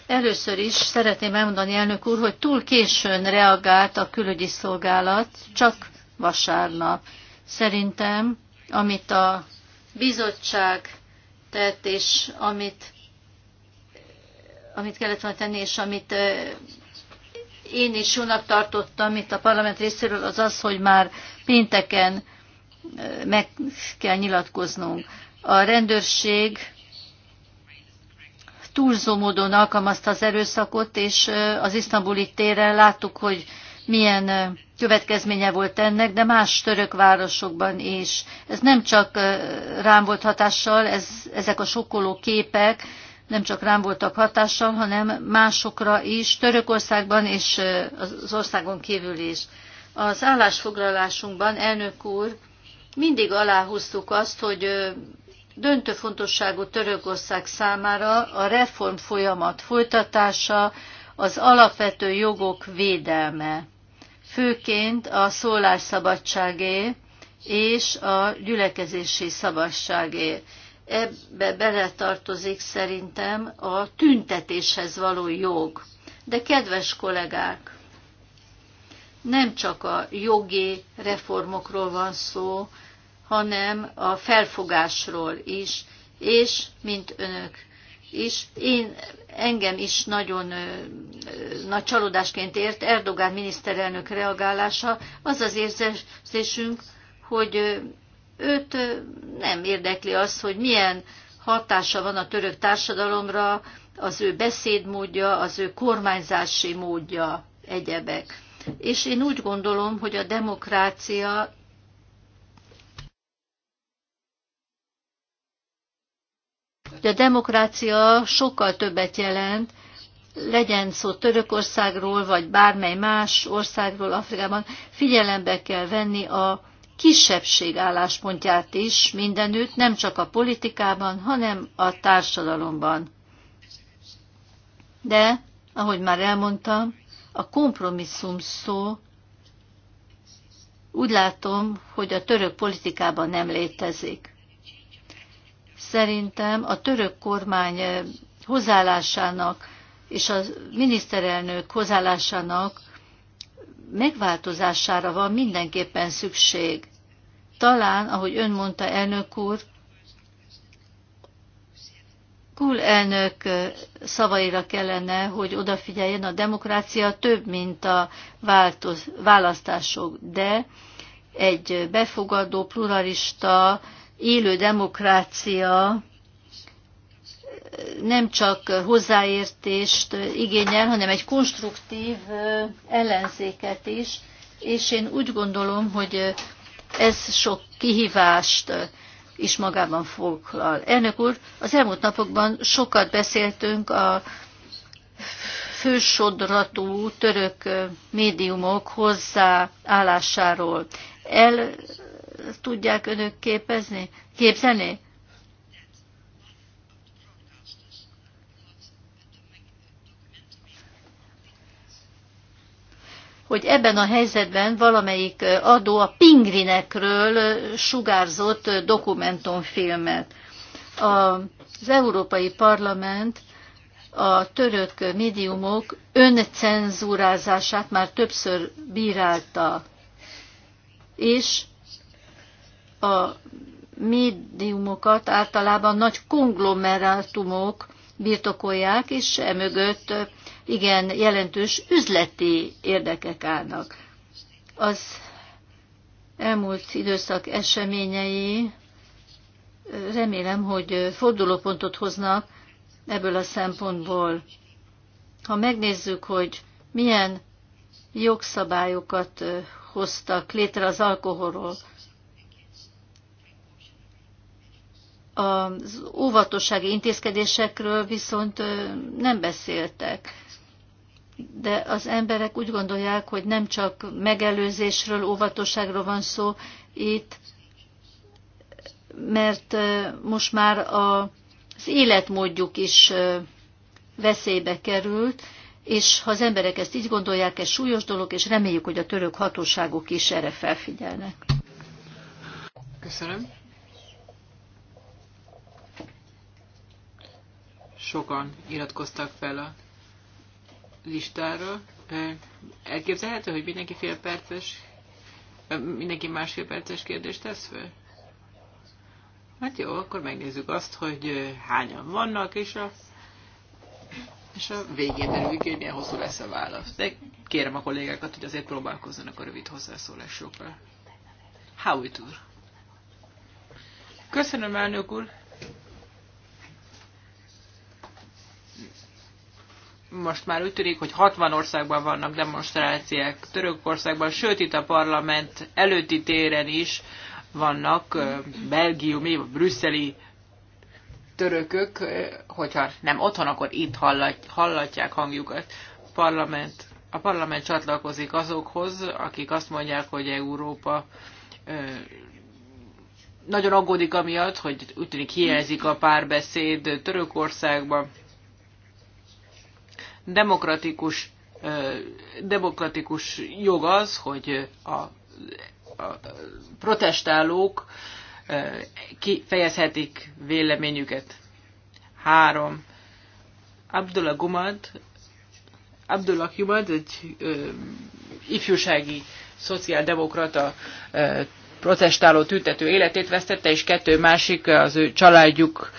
Először is szeretném elmondani, elnök úr, hogy túl későn reagált a külügyi szolgálat, csak vasárnap. Szerintem amit a bizottság tett, és amit, amit kellett volna tenni, és amit én is jónak tartottam itt a parlament részéről, az az, hogy már pénteken meg kell nyilatkoznunk. A rendőrség túlzó módon alkalmazta az erőszakot, és az isztambuli téren láttuk, hogy milyen következménye volt ennek, de más török városokban is. Ez nem csak rám volt hatással, ez, ezek a sokkoló képek nem csak rám voltak hatással, hanem másokra is, Törökországban és az országon kívül is. Az állásfoglalásunkban, elnök úr, mindig aláhúztuk azt, hogy döntő fontosságú Törökország számára a reform folyamat folytatása, az alapvető jogok védelme főként a szólásszabadságé és a gyülekezési szabadságé. Ebbe beletartozik szerintem a tüntetéshez való jog. De kedves kollégák, nem csak a jogi reformokról van szó, hanem a felfogásról is, és, mint önök és én engem is nagyon ö, ö, nagy csalódásként ért Erdogán miniszterelnök reagálása. Az az érzésünk, hogy ö, őt ö, nem érdekli az, hogy milyen hatása van a török társadalomra, az ő beszédmódja, az ő kormányzási módja, egyebek. És én úgy gondolom, hogy a demokrácia hogy a demokrácia sokkal többet jelent, legyen szó Törökországról, vagy bármely más országról Afrikában, figyelembe kell venni a kisebbség álláspontját is mindenütt, nem csak a politikában, hanem a társadalomban. De, ahogy már elmondtam, a kompromisszum szó úgy látom, hogy a török politikában nem létezik. Szerintem a török kormány eh, hozzáállásának és a miniszterelnök hozzáállásának megváltozására van mindenképpen szükség. Talán, ahogy ön mondta, elnök úr, Kul elnök eh, szavaira kellene, hogy odafigyeljen a demokrácia több, mint a változ, választások, de egy befogadó, pluralista, élő demokrácia nem csak hozzáértést igényel, hanem egy konstruktív ellenzéket is, és én úgy gondolom, hogy ez sok kihívást is magában foglal. Elnök úr, az elmúlt napokban sokat beszéltünk a fősodratú török médiumok hozzáállásáról. El tudják önök képezni, képzelni? hogy ebben a helyzetben valamelyik adó a pingvinekről sugárzott dokumentumfilmet. Az Európai Parlament a török médiumok öncenzúrázását már többször bírálta, és a médiumokat általában nagy konglomerátumok birtokolják, és emögött igen jelentős üzleti érdekek állnak. Az elmúlt időszak eseményei remélem, hogy fordulópontot hoznak ebből a szempontból. Ha megnézzük, hogy milyen jogszabályokat hoztak létre az alkoholról, Az óvatossági intézkedésekről viszont nem beszéltek. De az emberek úgy gondolják, hogy nem csak megelőzésről, óvatosságról van szó itt, mert most már az életmódjuk is veszélybe került, és ha az emberek ezt így gondolják, ez súlyos dolog, és reméljük, hogy a török hatóságok is erre felfigyelnek. Köszönöm. sokan iratkoztak fel a listára. Elképzelhető, hogy mindenki fél perces, mindenki másfél perces kérdést tesz fel? Hát jó, akkor megnézzük azt, hogy hányan vannak, és a, és a végén derüljük, hogy milyen hosszú lesz a válasz. De kérem a kollégákat, hogy azért próbálkozzanak a rövid hozzászólásokkal. Howitt úr. Köszönöm, elnök úr. most már úgy tűnik, hogy 60 országban vannak demonstráciák, Törökországban, sőt itt a parlament előtti téren is vannak belgiumi, brüsszeli törökök, hogyha nem otthon, akkor itt hallatják hangjukat. Parlament, a parlament csatlakozik azokhoz, akik azt mondják, hogy Európa nagyon aggódik amiatt, hogy úgy tűnik hiányzik a párbeszéd Törökországban demokratikus, demokratikus jog az, hogy a, a protestálók kifejezhetik véleményüket. Három. Abdullah Gumad, Abdullah Gumad, egy ö, ifjúsági szociáldemokrata protestáló tüntető életét vesztette, és kettő másik az ő családjuk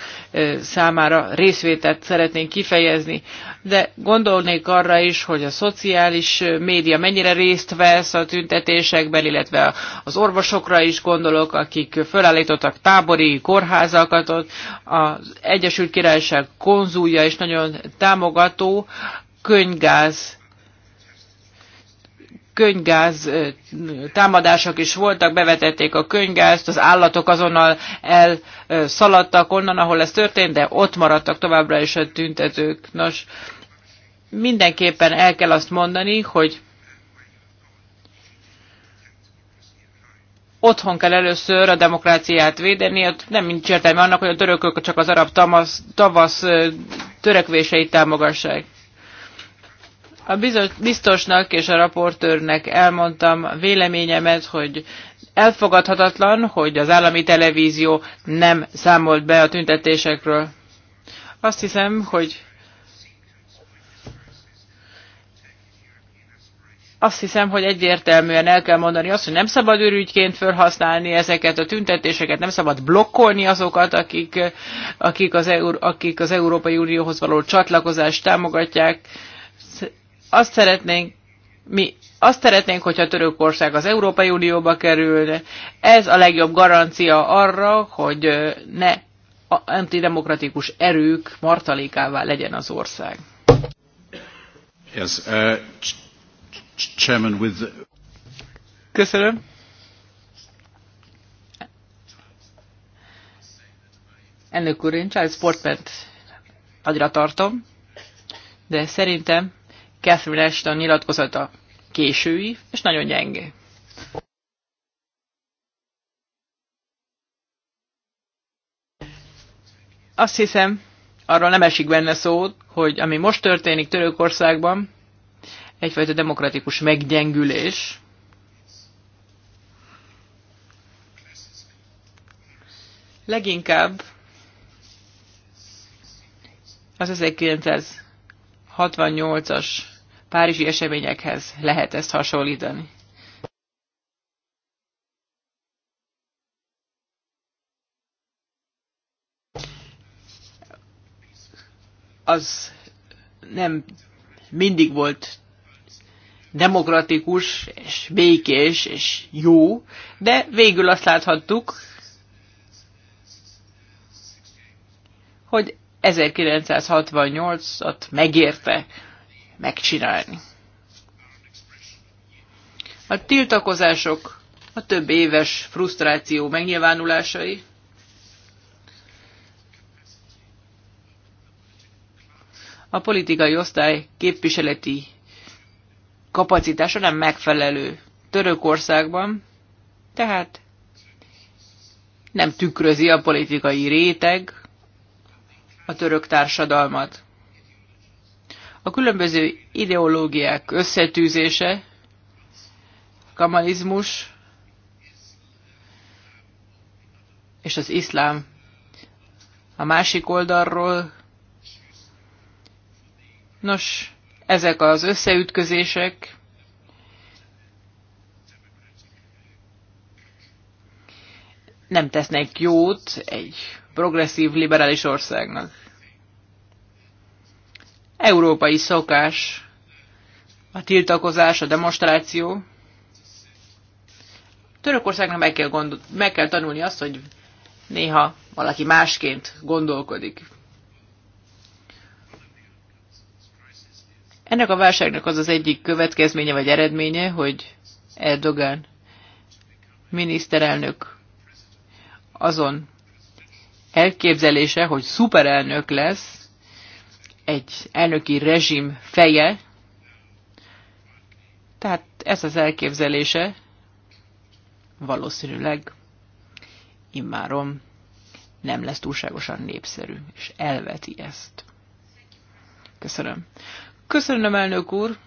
számára részvételt szeretnénk kifejezni. De gondolnék arra is, hogy a szociális média mennyire részt vesz a tüntetésekben, illetve az orvosokra is gondolok, akik felállítottak tábori kórházakat, az Egyesült Királyság konzulja is nagyon támogató, könygáz könygáz támadások is voltak, bevetették a könygázt, az állatok azonnal elszaladtak onnan, ahol ez történt, de ott maradtak továbbra is a tüntetők. Nos, mindenképpen el kell azt mondani, hogy otthon kell először a demokráciát védeni, nem nincs értelme annak, hogy a törökök csak az arab tamasz, tavasz törekvéseit támogassák. A biztosnak és a raportőrnek elmondtam véleményemet, hogy elfogadhatatlan, hogy az állami televízió nem számolt be a tüntetésekről. Azt hiszem, hogy azt hiszem, hogy egyértelműen el kell mondani azt, hogy nem szabad őrügyként felhasználni ezeket a tüntetéseket, nem szabad blokkolni azokat, akik, akik, az, Euró, akik az Európai Unióhoz való csatlakozást támogatják azt szeretnénk, mi azt szeretnénk, hogyha Törökország az Európai Unióba kerülne. Ez a legjobb garancia arra, hogy ne antidemokratikus erők martalékává legyen az ország. Yes, uh, chairman with the... Köszönöm. Elnök úr, én Charles Portment nagyra tartom, de szerintem Catherine Ashton nyilatkozata késői, és nagyon gyengé. Azt hiszem, arról nem esik benne szó, hogy ami most történik Törökországban, egyfajta demokratikus meggyengülés, leginkább az 1968-as párizsi eseményekhez lehet ezt hasonlítani. Az nem mindig volt demokratikus, és békés, és jó, de végül azt láthattuk, hogy 1968-at megérte megcsinálni. A tiltakozások, a több éves frusztráció megnyilvánulásai, a politikai osztály képviseleti kapacitása nem megfelelő Törökországban, tehát nem tükrözi a politikai réteg a török társadalmat. A különböző ideológiák összetűzése, kamalizmus és az iszlám a másik oldalról. Nos, ezek az összeütközések nem tesznek jót egy progresszív liberális országnak európai szokás a tiltakozás, a demonstráció. Törökországnak meg kell, gondol, meg kell tanulni azt, hogy néha valaki másként gondolkodik. Ennek a válságnak az az egyik következménye vagy eredménye, hogy Erdogan miniszterelnök azon elképzelése, hogy szuperelnök lesz, egy elnöki rezsim feje, tehát ez az elképzelése valószínűleg immárom nem lesz túlságosan népszerű, és elveti ezt. Köszönöm. Köszönöm, elnök úr!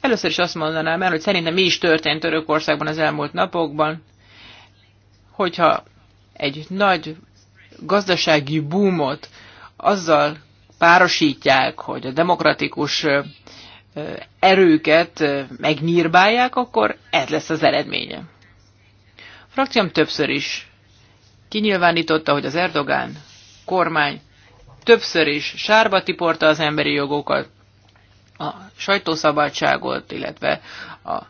Először is azt mondanám el, hogy szerintem mi is történt Törökországban az elmúlt napokban, hogyha egy nagy gazdasági boomot azzal párosítják, hogy a demokratikus erőket megnyírbálják, akkor ez lesz az eredménye. A frakcióm többször is kinyilvánította, hogy az Erdogán kormány többször is sárba tiporta az emberi jogokat, a sajtószabadságot, illetve a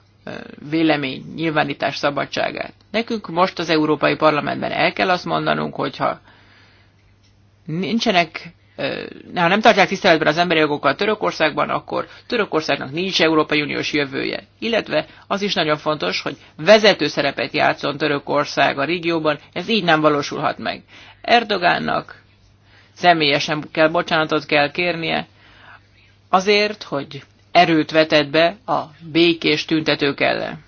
vélemény nyilvánítás szabadságát. Nekünk most az Európai Parlamentben el kell azt mondanunk, hogyha nincsenek, ha nem tartják tiszteletben az emberi jogokat Törökországban, akkor Törökországnak nincs Európai Uniós jövője. Illetve az is nagyon fontos, hogy vezető szerepet játszon Törökország a régióban, ez így nem valósulhat meg. Erdogánnak személyesen kell bocsánatot kell kérnie, azért, hogy erőt vetett be a békés tüntetők ellen.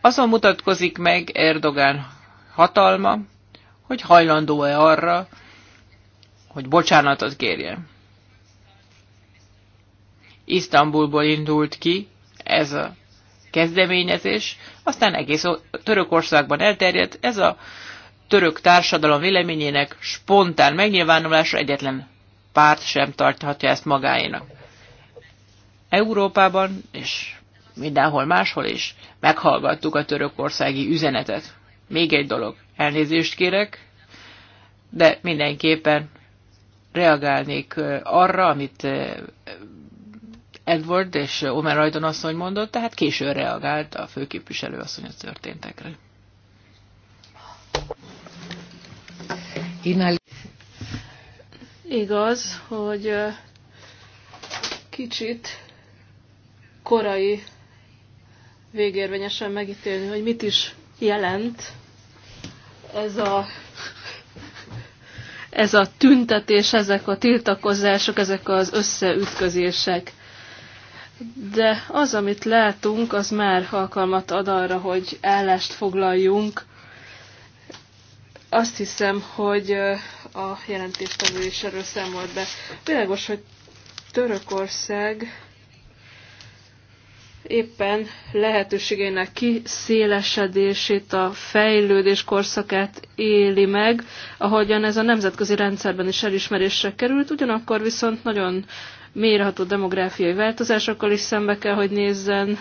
Azon mutatkozik meg Erdogán hatalma, hogy hajlandó-e arra, hogy bocsánatot kérjen. Isztambulból indult ki ez a kezdeményezés, aztán egész Törökországban elterjedt, ez a török társadalom véleményének spontán megnyilvánulása egyetlen párt sem tarthatja ezt magáénak. Európában és mindenhol máshol is meghallgattuk a törökországi üzenetet. Még egy dolog, elnézést kérek, de mindenképpen reagálnék arra, amit Edward és Omer Rajdon asszony mondott, tehát későn reagált a főképviselő asszony a történtekre. Igaz, hogy kicsit korai végérvényesen megítélni, hogy mit is jelent ez a ez a tüntetés, ezek a tiltakozások, ezek az összeütközések. De az, amit látunk, az már alkalmat ad arra, hogy állást foglaljunk. Azt hiszem, hogy a jelentéstevő is erről számolt be. Világos, hogy Törökország éppen lehetőségének kiszélesedését, a fejlődés korszakát éli meg, ahogyan ez a nemzetközi rendszerben is elismerésre került, ugyanakkor viszont nagyon mélyreható demográfiai változásokkal is szembe kell, hogy nézzen.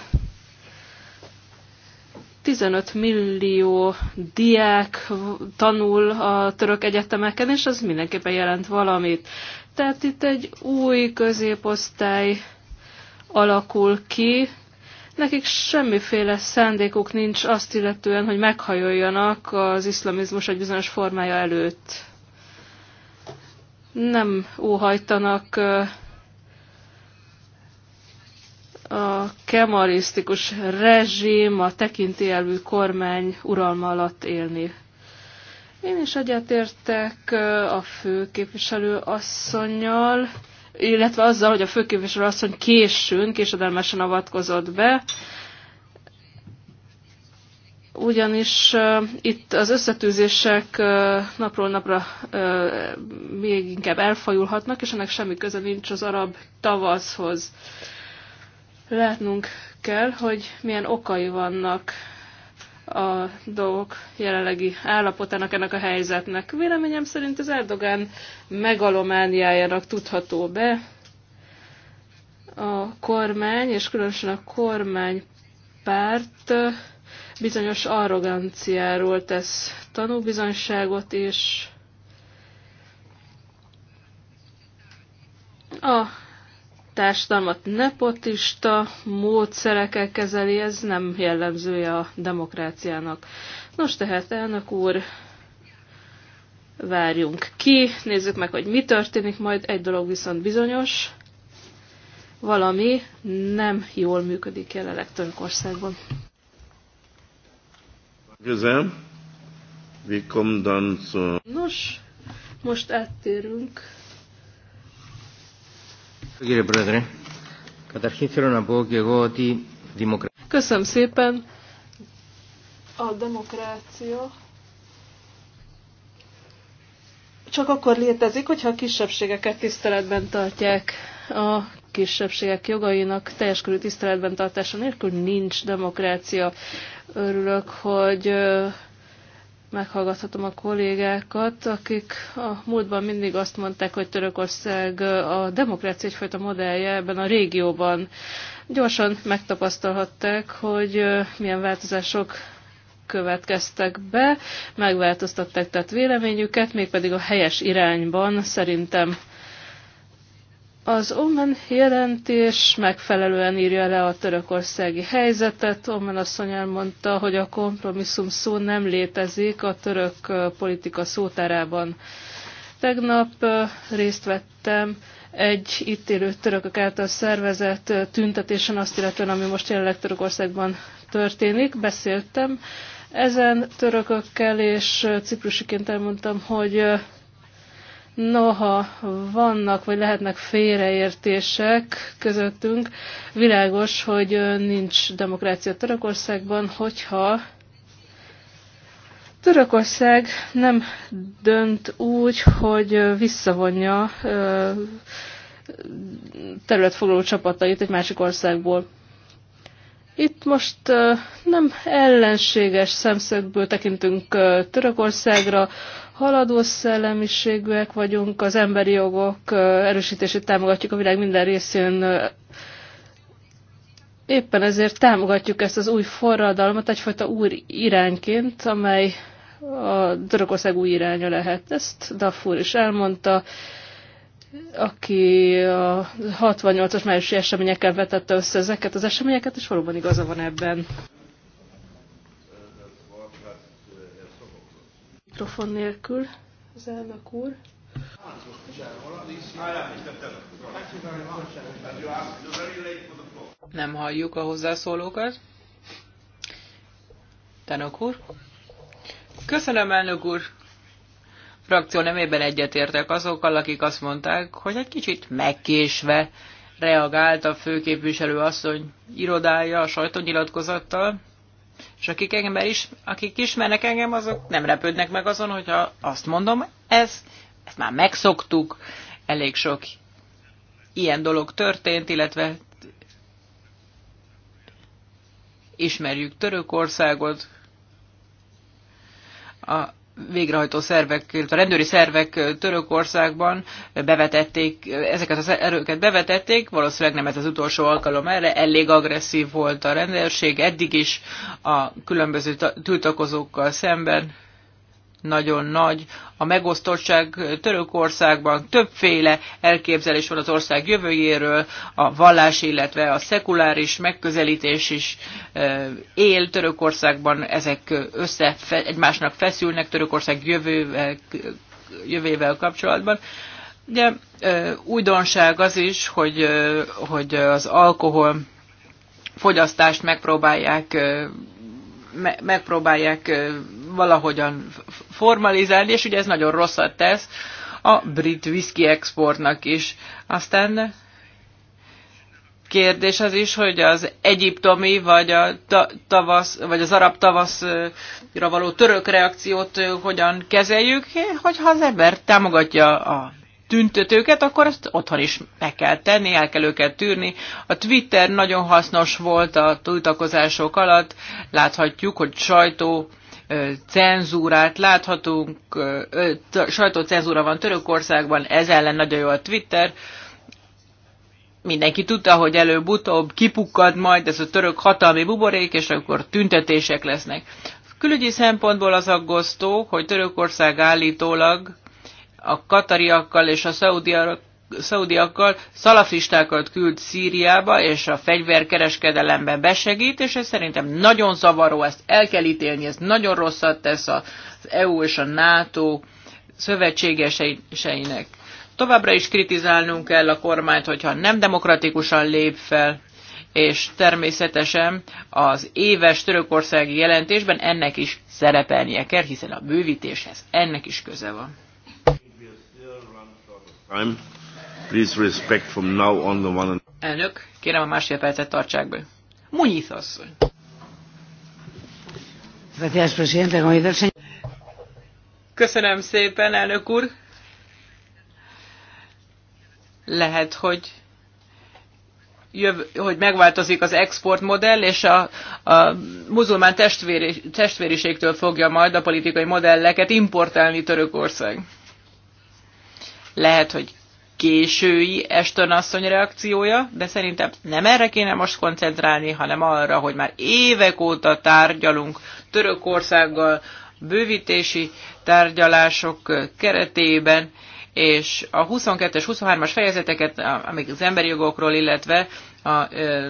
15 millió diák tanul a török egyetemeken, és az mindenképpen jelent valamit. Tehát itt egy új középosztály alakul ki, Nekik semmiféle szándékuk nincs azt illetően, hogy meghajoljanak az iszlamizmus egy bizonyos formája előtt. Nem óhajtanak a kemarisztikus rezsim, a tekintélyelvű kormány uralma alatt élni. Én is egyetértek a fő képviselő asszonynal, illetve azzal, hogy a főképviselő asszony későn, késedelmesen avatkozott be, ugyanis uh, itt az összetűzések uh, napról napra uh, még inkább elfajulhatnak, és ennek semmi köze nincs az arab tavaszhoz. Látnunk kell, hogy milyen okai vannak a dolgok jelenlegi állapotának, ennek a helyzetnek. Véleményem szerint az Erdogán megalomániájának tudható be. A kormány, és különösen a kormánypárt bizonyos arroganciáról tesz tanúbizonyságot, és a társadalmat nepotista módszerekkel kezeli, ez nem jellemzője a demokráciának. Nos tehát, elnök úr, várjunk ki, nézzük meg, hogy mi történik, majd egy dolog viszont bizonyos, valami nem jól működik jelenleg Törökországban. Nos, most áttérünk Köszönöm szépen. A demokrácia csak akkor létezik, hogyha a kisebbségeket tiszteletben tartják. A kisebbségek jogainak teljes körű tiszteletben tartása nélkül nincs demokrácia. Örülök, hogy meghallgathatom a kollégákat, akik a múltban mindig azt mondták, hogy Törökország a demokrácia egyfajta modellje ebben a régióban. Gyorsan megtapasztalhatták, hogy milyen változások következtek be, megváltoztatták tehát véleményüket, mégpedig a helyes irányban szerintem az Omen jelentés megfelelően írja le a törökországi helyzetet. Omen asszony elmondta, hogy a kompromisszum szó nem létezik a török politika szótárában. Tegnap részt vettem egy itt élő törökök által szervezett tüntetésen azt illetően, ami most jelenleg Törökországban történik. Beszéltem ezen törökökkel, és ciprusiként elmondtam, hogy Noha vannak vagy lehetnek félreértések közöttünk, világos, hogy nincs demokrácia Törökországban, hogyha Törökország nem dönt úgy, hogy visszavonja területfoglaló csapatait egy másik országból. Itt most nem ellenséges szemszögből tekintünk Törökországra, Haladó szellemiségűek vagyunk, az emberi jogok erősítését támogatjuk a világ minden részén. Éppen ezért támogatjuk ezt az új forradalmat egyfajta új irányként, amely a Dörökország új iránya lehet. Ezt Dafur is elmondta, aki a 68-as májusi eseményekkel vetette össze ezeket az eseményeket, és valóban igaza van ebben. Mikrofon nélkül, az elnök úr. Nem halljuk a hozzászólókat. Tanok úr. Köszönöm, elnök úr. Frakció nemében egyetértek azokkal, akik azt mondták, hogy egy kicsit megkésve reagált a főképviselő asszony irodája a sajtónyilatkozattal. És akik engem is, akik ismernek engem, azok nem repődnek meg azon, hogyha azt mondom, ez, ezt már megszoktuk, elég sok ilyen dolog történt, illetve ismerjük Törökországot, a végrehajtó szervek, illetve a rendőri szervek Törökországban bevetették, ezeket az erőket bevetették, valószínűleg nem ez az utolsó alkalom erre, elég agresszív volt a rendőrség eddig is a különböző tiltakozókkal szemben nagyon nagy. A megosztottság Törökországban többféle elképzelés van az ország jövőjéről, a vallás, illetve a szekuláris megközelítés is él Törökországban, ezek össze egymásnak feszülnek Törökország jövővel, jövővel kapcsolatban. Ugye újdonság az is, hogy, hogy az alkohol fogyasztást megpróbálják me- megpróbálják valahogyan formalizálni, és ugye ez nagyon rosszat tesz a brit whisky exportnak is. Aztán kérdés az is, hogy az egyiptomi vagy, a ta- tavasz, vagy az arab tavaszra való török reakciót hogyan kezeljük, hogyha az ember támogatja a tüntetőket, akkor azt otthon is meg kell tenni, el kell őket tűrni. A Twitter nagyon hasznos volt a tiltakozások alatt, láthatjuk, hogy sajtó cenzúrát láthatunk, sajtócenzúra van Törökországban, ez ellen nagyon jó a Twitter. Mindenki tudta, hogy előbb-utóbb kipukkad majd ez a török hatalmi buborék, és akkor tüntetések lesznek. Külügyi szempontból az aggasztó, hogy Törökország állítólag a katariakkal és a szaudiakkal szaudiakkal szalafistákat küld Szíriába, és a fegyverkereskedelemben besegít, és ez szerintem nagyon zavaró, ezt el kell ítélni, ez nagyon rosszat tesz az EU és a NATO szövetségeseinek. Továbbra is kritizálnunk kell a kormányt, hogyha nem demokratikusan lép fel, és természetesen az éves törökországi jelentésben ennek is szerepelnie kell, hiszen a bővítéshez ennek is köze van. Elnök, kérem a másfél percet tartsák be. Munyith asszony. Köszönöm szépen, elnök úr. Lehet, hogy jöv, hogy megváltozik az exportmodell, és a, a muzulmán testvéri, testvériségtől fogja majd a politikai modelleket importálni Törökország. Lehet, hogy késői Eston asszony reakciója, de szerintem nem erre kéne most koncentrálni, hanem arra, hogy már évek óta tárgyalunk Törökországgal, bővítési tárgyalások keretében, és a 22-es, 23-as fejezeteket, amik az emberi jogokról, illetve a ö,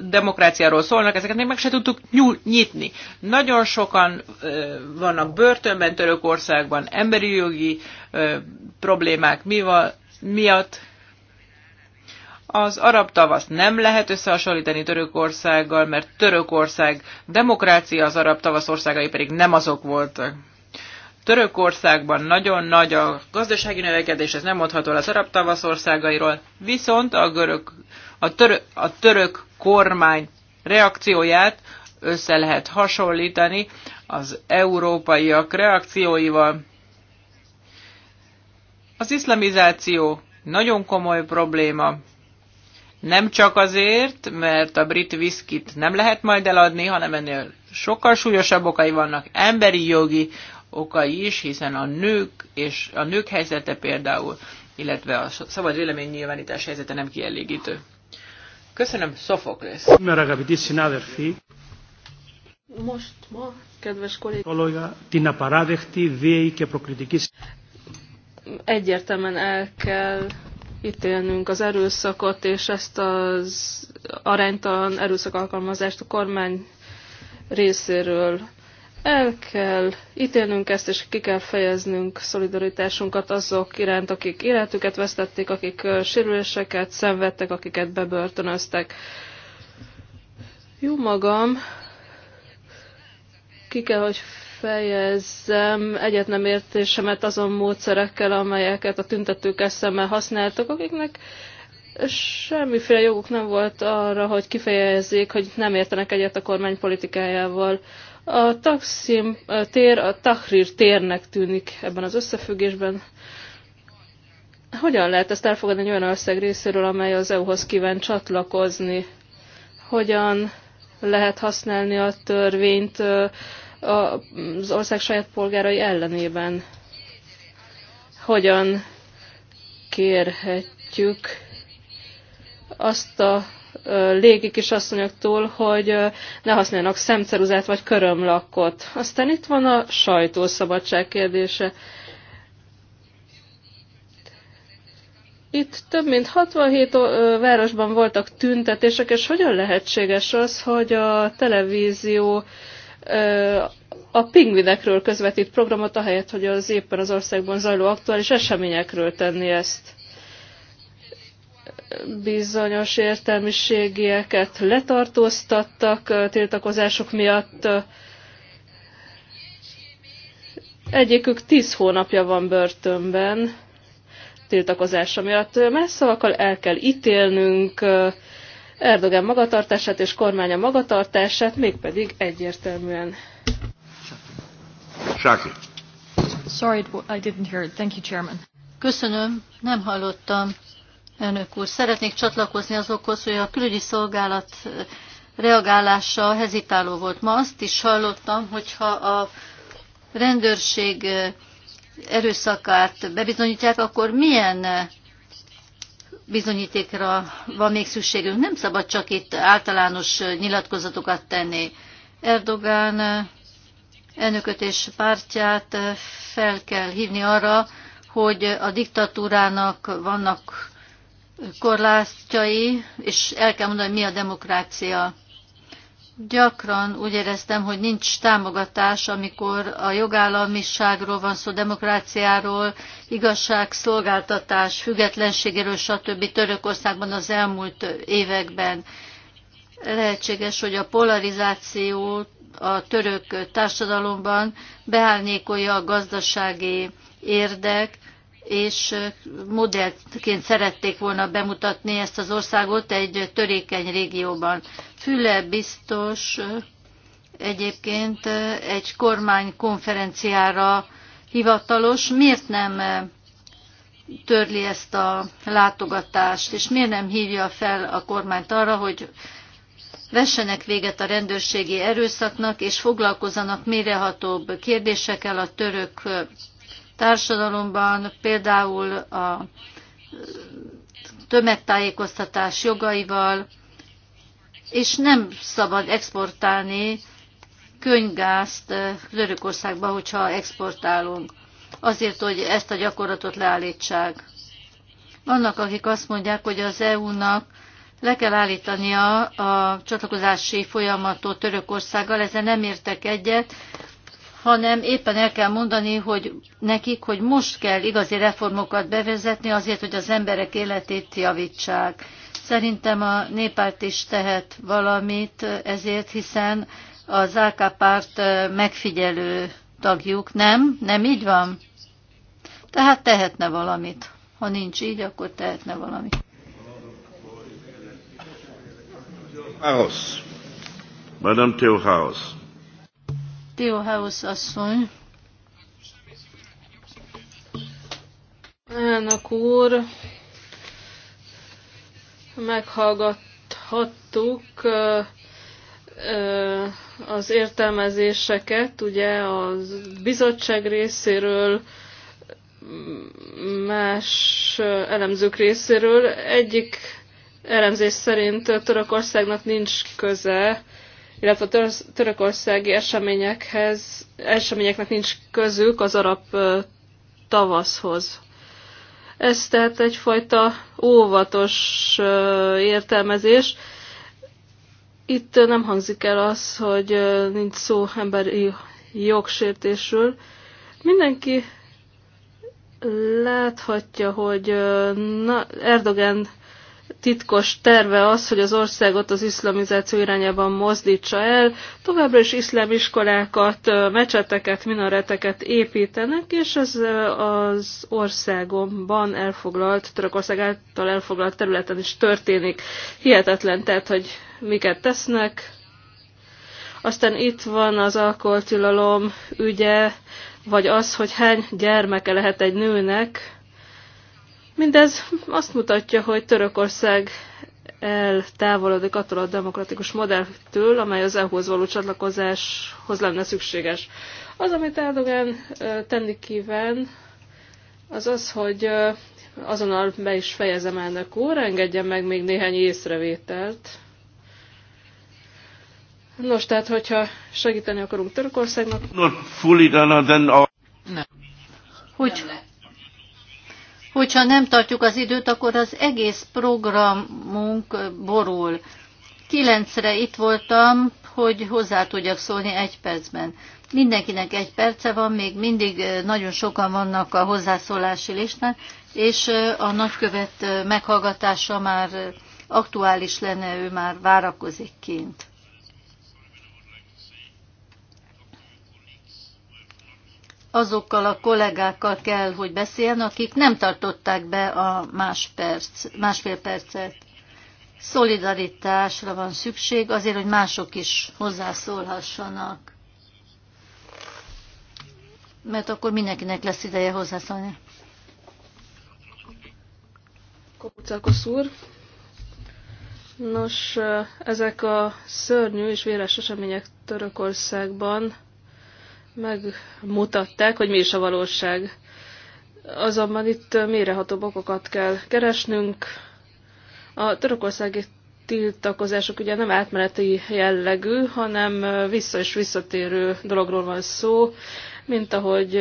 demokráciáról szólnak, ezeket még meg se tudtuk nyitni. Nagyon sokan ö, vannak börtönben Törökországban, emberi jogi ö, problémák mival, miatt. Az arab tavaszt nem lehet összehasonlítani Törökországgal, mert Törökország demokrácia, az arab tavasz országai pedig nem azok voltak. Törökországban nagyon nagy a gazdasági növekedés, ez nem mondható az arab tavaszországairól, viszont a, görög, a, török, a török kormány reakcióját össze lehet hasonlítani az európaiak reakcióival. Az iszlamizáció nagyon komoly probléma. Nem csak azért, mert a brit viszkit nem lehet majd eladni, hanem ennél sokkal súlyosabb okai vannak. Emberi jogi okai is, hiszen a nők és a nők helyzete például, illetve a szabad vélemény nyilvánítás helyzete nem kielégítő. Köszönöm, Szofoklesz. Most ma, kedves kollégák, Egyértelműen el kell ítélnünk az erőszakot, és ezt az aránytalan erőszak alkalmazást a kormány részéről el kell ítélnünk ezt, és ki kell fejeznünk szolidaritásunkat azok iránt, akik életüket vesztették, akik sérüléseket szenvedtek, akiket bebörtönöztek. Jó magam, ki kell, hogy fejezzem egyet nem értésemet azon módszerekkel, amelyeket a tüntetők eszemmel használtak, akiknek semmiféle joguk nem volt arra, hogy kifejezzék, hogy nem értenek egyet a kormány politikájával. A Taksim tér a Tahrir térnek tűnik ebben az összefüggésben. Hogyan lehet ezt elfogadni egy olyan ország részéről, amely az EU-hoz kíván csatlakozni? Hogyan lehet használni a törvényt az ország saját polgárai ellenében? Hogyan kérhetjük azt a légi kisasszonyoktól, hogy ne használjanak szemceruzát vagy körömlakot. Aztán itt van a sajtószabadság kérdése. Itt több mint 67 városban voltak tüntetések, és hogyan lehetséges az, hogy a televízió a pingvinekről közvetít programot, ahelyett, hogy az éppen az országban zajló aktuális eseményekről tenni ezt bizonyos értelmiségieket letartóztattak tiltakozások miatt. Egyikük tíz hónapja van börtönben tiltakozása miatt. Más szavakkal el kell ítélnünk Erdogan magatartását és kormánya magatartását, mégpedig egyértelműen. Sáki. Sorry, I didn't hear it. Thank you, Chairman. Köszönöm, nem hallottam. Elnök úr, szeretnék csatlakozni azokhoz, hogy a külügyi szolgálat eh, reagálása hezitáló volt. Ma azt is hallottam, hogyha a rendőrség eh, erőszakát bebizonyítják, akkor milyen eh, bizonyítékra van még szükségünk. Nem szabad csak itt általános nyilatkozatokat tenni. Erdogán elnököt és pártját fel kell hívni arra, hogy a diktatúrának vannak korlátjai, és el kell mondani, mi a demokrácia. Gyakran úgy éreztem, hogy nincs támogatás, amikor a jogállamiságról van szó, demokráciáról, igazságszolgáltatás, függetlenségéről, stb. Törökországban az elmúlt években. Lehetséges, hogy a polarizáció a török társadalomban beárnyékolja a gazdasági érdek, és modellként szerették volna bemutatni ezt az országot egy törékeny régióban. Füle biztos egyébként egy kormánykonferenciára hivatalos. Miért nem törli ezt a látogatást, és miért nem hívja fel a kormányt arra, hogy vessenek véget a rendőrségi erőszaknak, és foglalkozzanak mérehatóbb kérdésekkel a török társadalomban, például a tömegtájékoztatás jogaival, és nem szabad exportálni könyvgázt Törökországba, hogyha exportálunk, azért, hogy ezt a gyakorlatot leállítsák. Vannak, akik azt mondják, hogy az EU-nak le kell állítania a csatlakozási folyamatot Törökországgal, ezzel nem értek egyet, hanem éppen el kell mondani, hogy nekik, hogy most kell igazi reformokat bevezetni azért, hogy az emberek életét javítsák. Szerintem a néppárt is tehet valamit ezért, hiszen az AK párt megfigyelő tagjuk, nem? Nem így van? Tehát tehetne valamit. Ha nincs így, akkor tehetne valamit. House. Madame Teohaus. Theo House asszony. Elnök úr, meghallgathattuk az értelmezéseket, ugye a bizottság részéről, más elemzők részéről. Egyik elemzés szerint Törökországnak nincs köze illetve a törökországi eseményekhez, eseményeknek nincs közük az arab tavaszhoz. Ez tehát egyfajta óvatos értelmezés. Itt nem hangzik el az, hogy nincs szó emberi jogsértésről. Mindenki láthatja, hogy Erdogan titkos terve az, hogy az országot az iszlamizáció irányában mozdítsa el, továbbra is iszlámiskolákat, mecseteket, minareteket építenek, és ez az országomban elfoglalt, Törökország által elfoglalt területen is történik. Hihetetlen, tehát, hogy miket tesznek. Aztán itt van az alkoholtilalom ügye, vagy az, hogy hány gyermeke lehet egy nőnek, Mindez azt mutatja, hogy Törökország eltávolodik attól a demokratikus modelltől, amely az EU-hoz való csatlakozáshoz lenne szükséges. Az, amit Erdogan tenni kíván, az az, hogy azonnal be is fejezem elnök úr, engedjen meg még néhány észrevételt. Nos, tehát, hogyha segíteni akarunk Törökországnak... Not fully done, then... All... Nem. Hogy? Nem Hogyha nem tartjuk az időt, akkor az egész programunk borul. Kilencre itt voltam, hogy hozzá tudjak szólni egy percben. Mindenkinek egy perce van, még mindig nagyon sokan vannak a hozzászólási listán, és a nagykövet meghallgatása már aktuális lenne, ő már várakozik kint. azokkal a kollégákkal kell, hogy beszéljen, akik nem tartották be a más perc, másfél percet. Szolidaritásra van szükség azért, hogy mások is hozzászólhassanak. Mert akkor mindenkinek lesz ideje hozzászólni. Kopucákos úr. Nos, ezek a szörnyű és véres események Törökországban megmutatták, hogy mi is a valóság. Azonban itt méreható okokat kell keresnünk. A törökországi tiltakozások ugye nem átmeneti jellegű, hanem vissza és visszatérő dologról van szó, mint ahogy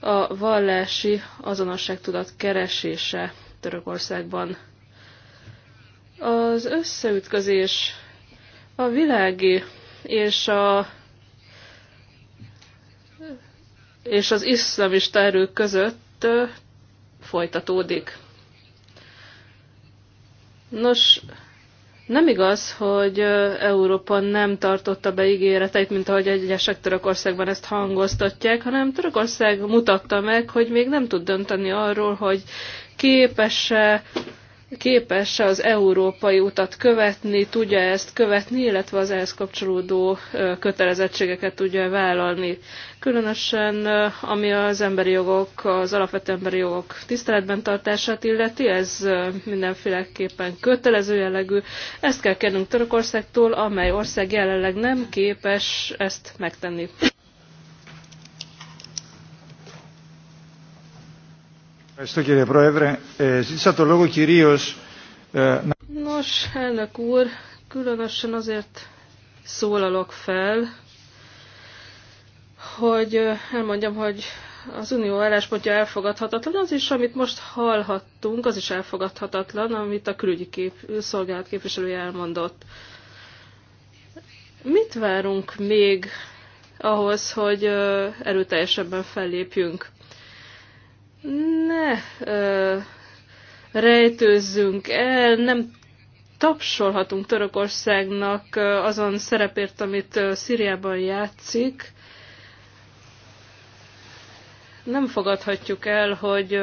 a vallási azonosságtudat keresése Törökországban. Az összeütközés a világi és a és az iszlamista erők között folytatódik. Nos, nem igaz, hogy Európa nem tartotta be ígéreteit, mint ahogy egyesek Törökországban ezt hangoztatják, hanem Törökország mutatta meg, hogy még nem tud dönteni arról, hogy képes-e képes-e az európai utat követni, tudja ezt követni, illetve az ehhez kapcsolódó kötelezettségeket tudja vállalni. Különösen ami az emberi jogok, az alapvető emberi jogok tiszteletben tartását illeti, ez mindenféleképpen kötelező jellegű. Ezt kell kérnünk Törökországtól, amely ország jelenleg nem képes ezt megtenni. Nos, elnök úr, különösen azért szólalok fel, hogy elmondjam, hogy az unió álláspontja elfogadhatatlan, az is, amit most hallhattunk, az is elfogadhatatlan, amit a külügyi kép, szolgálat képviselője elmondott. Mit várunk még ahhoz, hogy erőteljesebben fellépjünk? ne ö, rejtőzzünk el, nem tapsolhatunk Törökországnak azon szerepért, amit Szíriában játszik. Nem fogadhatjuk el, hogy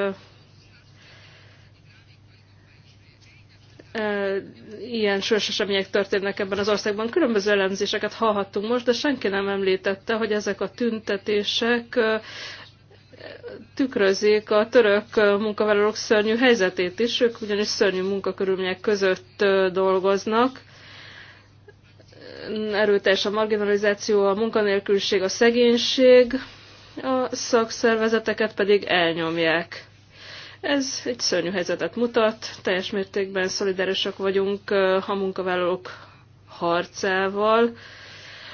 ilyen sős események történnek ebben az országban. Különböző elemzéseket hallhattunk most, de senki nem említette, hogy ezek a tüntetések tükrözik a török munkavállalók szörnyű helyzetét is, ők ugyanis szörnyű munkakörülmények között dolgoznak, erőteljes a marginalizáció, a munkanélküliség, a szegénység, a szakszervezeteket pedig elnyomják. Ez egy szörnyű helyzetet mutat, teljes mértékben szolidárisak vagyunk a munkavállalók harcával.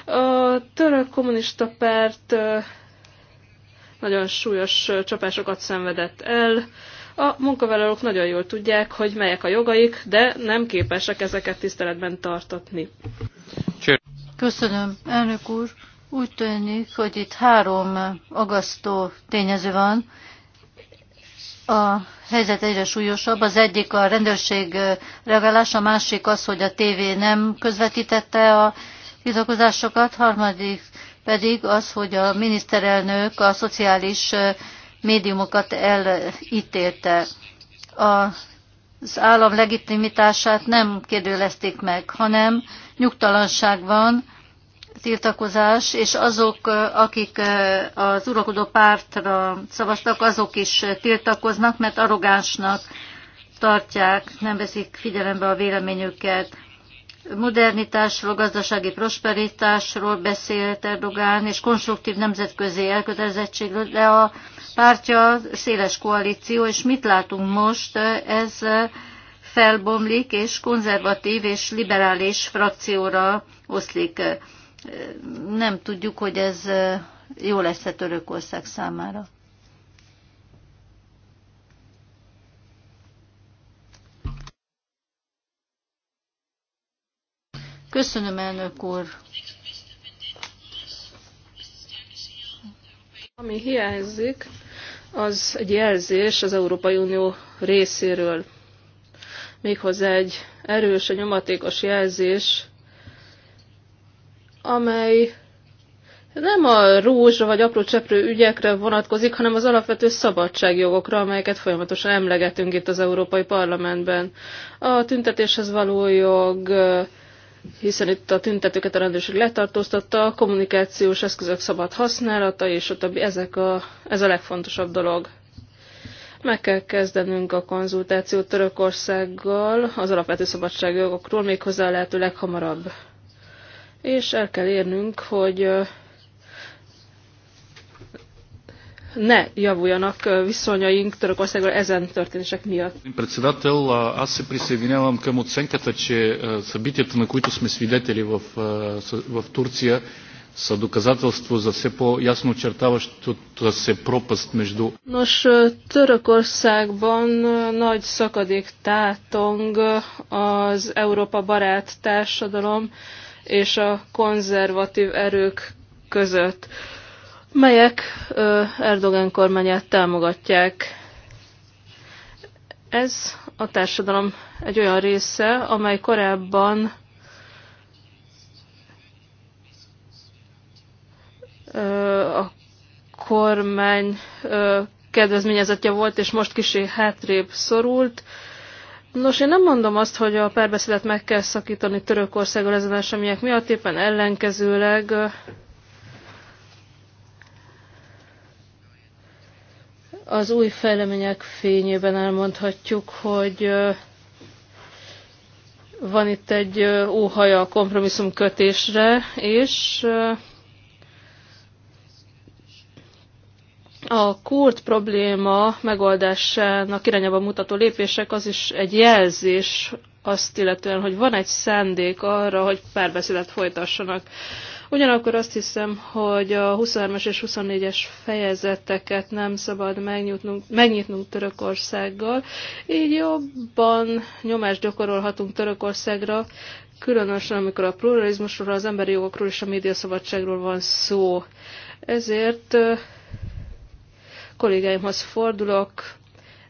A török kommunista párt nagyon súlyos csapásokat szenvedett el. A munkavállalók nagyon jól tudják, hogy melyek a jogaik, de nem képesek ezeket tiszteletben tartatni. Köszönöm, elnök úr. Úgy tűnik, hogy itt három agasztó tényező van. A helyzet egyre súlyosabb. Az egyik a rendőrség reagálása, a másik az, hogy a tévé nem közvetítette a tiltakozásokat, harmadik pedig az, hogy a miniszterelnök a szociális médiumokat elítélte. az állam legitimitását nem kérdőlezték meg, hanem nyugtalanság van, tiltakozás, és azok, akik az uralkodó pártra szavaztak, azok is tiltakoznak, mert arrogánsnak tartják, nem veszik figyelembe a véleményüket modernitásról, gazdasági prosperitásról beszélt Erdogán, és konstruktív nemzetközi elkötelezettségről, de a pártja széles koalíció, és mit látunk most, ez felbomlik, és konzervatív és liberális frakcióra oszlik. Nem tudjuk, hogy ez jó lesz-e Törökország számára. Köszönöm, elnök úr. Ami hiányzik, az egy jelzés az Európai Unió részéről. Méghozzá egy erős, a nyomatékos jelzés, amely nem a rózsa vagy apró cseprő ügyekre vonatkozik, hanem az alapvető szabadságjogokra, amelyeket folyamatosan emlegetünk itt az Európai Parlamentben. A tüntetéshez való jog, hiszen itt a tüntetőket a rendőrség letartóztatta, a kommunikációs eszközök szabad használata, és a többi, ezek a, ez a legfontosabb dolog. Meg kell kezdenünk a konzultációt Törökországgal az alapvető szabadságjogokról, méghozzá a lehető leghamarabb. És el kell érnünk, hogy ne javuljanak viszonyaink Törökországgal ezen történések miatt. Председател, аз се присъединявам към оценката, че събитията, на които сме свидетели в, в Турция, са доказателство за все по-ясно очертаващата се пропаст между... Nos, Törökországban nagy szakadék tátong az Európa barát társadalom és a konzervatív erők között melyek Erdogan kormányát támogatják. Ez a társadalom egy olyan része, amely korábban a kormány kedvezményezetje volt, és most kisé hátrébb szorult. Nos, én nem mondom azt, hogy a párbeszédet meg kell szakítani Törökországgal ezen események miatt, éppen ellenkezőleg Az új fejlemények fényében elmondhatjuk, hogy van itt egy óhaja a kompromisszum kötésre, és a kurt probléma megoldásának irányába mutató lépések az is egy jelzés azt illetően, hogy van egy szándék arra, hogy párbeszédet folytassanak. Ugyanakkor azt hiszem, hogy a 23-as és 24-es fejezeteket nem szabad megnyitnunk, megnyitnunk Törökországgal, így jobban nyomást gyakorolhatunk Törökországra, különösen amikor a pluralizmusról, az emberi jogokról és a médiaszabadságról van szó. Ezért kollégáimhoz fordulok,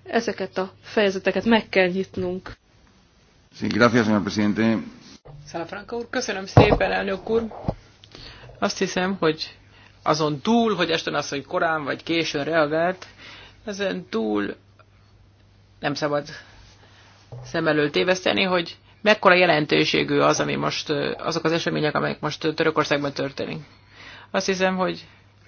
ezeket a fejezeteket meg kell nyitnunk. Sí, gracias, señor presidente. Szalafranka úr, köszönöm szépen, elnök úr. Azt hiszem, hogy azon túl, hogy este az, hogy korán vagy későn reagált, ezen túl nem szabad szem elől téveszteni, hogy mekkora jelentőségű az, ami most, azok az események, amelyek most Törökországban történik. Azt hiszem, hogy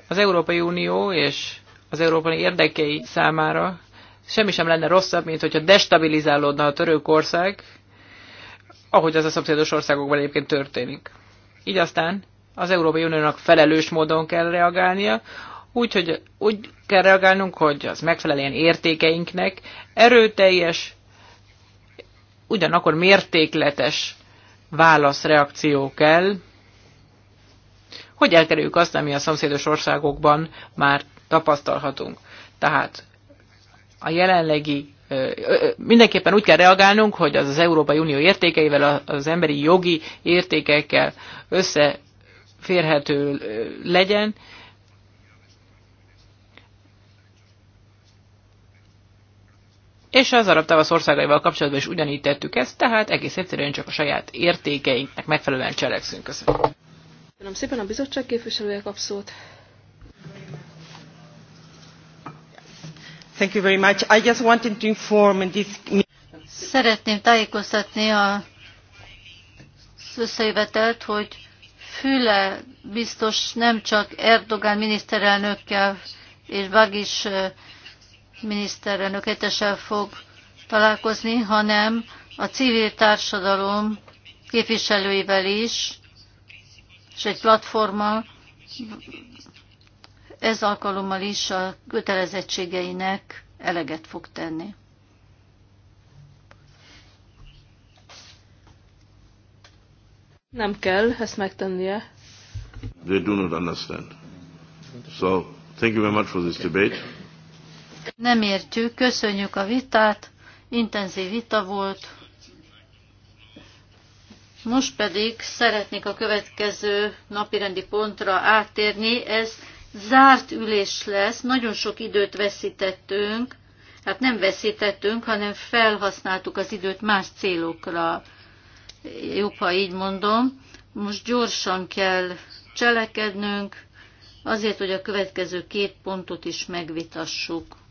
az Európai Unió és az európai érdekei számára semmi sem lenne rosszabb, mint hogyha destabilizálódna a Törökország, ahogy az a szomszédos országokban egyébként történik. Így aztán az Európai Uniónak felelős módon kell reagálnia, úgy, hogy úgy kell reagálnunk, hogy az megfeleljen értékeinknek, erőteljes, ugyanakkor mértékletes válaszreakció kell, hogy elkerüljük azt, ami a szomszédos országokban már tapasztalhatunk. Tehát a jelenlegi mindenképpen úgy kell reagálnunk, hogy az az Európai Unió értékeivel, az emberi jogi értékekkel össze férhető legyen. És az arab tavasz országaival kapcsolatban is ugyanígy tettük ezt, tehát egész egyszerűen csak a saját értékeinknek megfelelően cselekszünk. Köszönöm. Köszönöm szépen a bizottság képviselője kap szót. Thank you very much. I just wanted to inform this... Szeretném tájékoztatni a összejövetelt, hogy Füle biztos nem csak Erdogán miniszterelnökkel és Bagis miniszterelnök hetesen fog találkozni, hanem a civil társadalom képviselőivel is, és egy platforma ez alkalommal is a kötelezettségeinek eleget fog tenni. Nem kell ezt megtennie. They do not understand. So, thank you very much for this debate. Nem értjük, köszönjük a vitát, intenzív vita volt. Most pedig szeretnék a következő napirendi pontra áttérni. Ez zárt ülés lesz, nagyon sok időt veszítettünk, hát nem veszítettünk, hanem felhasználtuk az időt más célokra jobb, ha így mondom. Most gyorsan kell cselekednünk, azért, hogy a következő két pontot is megvitassuk.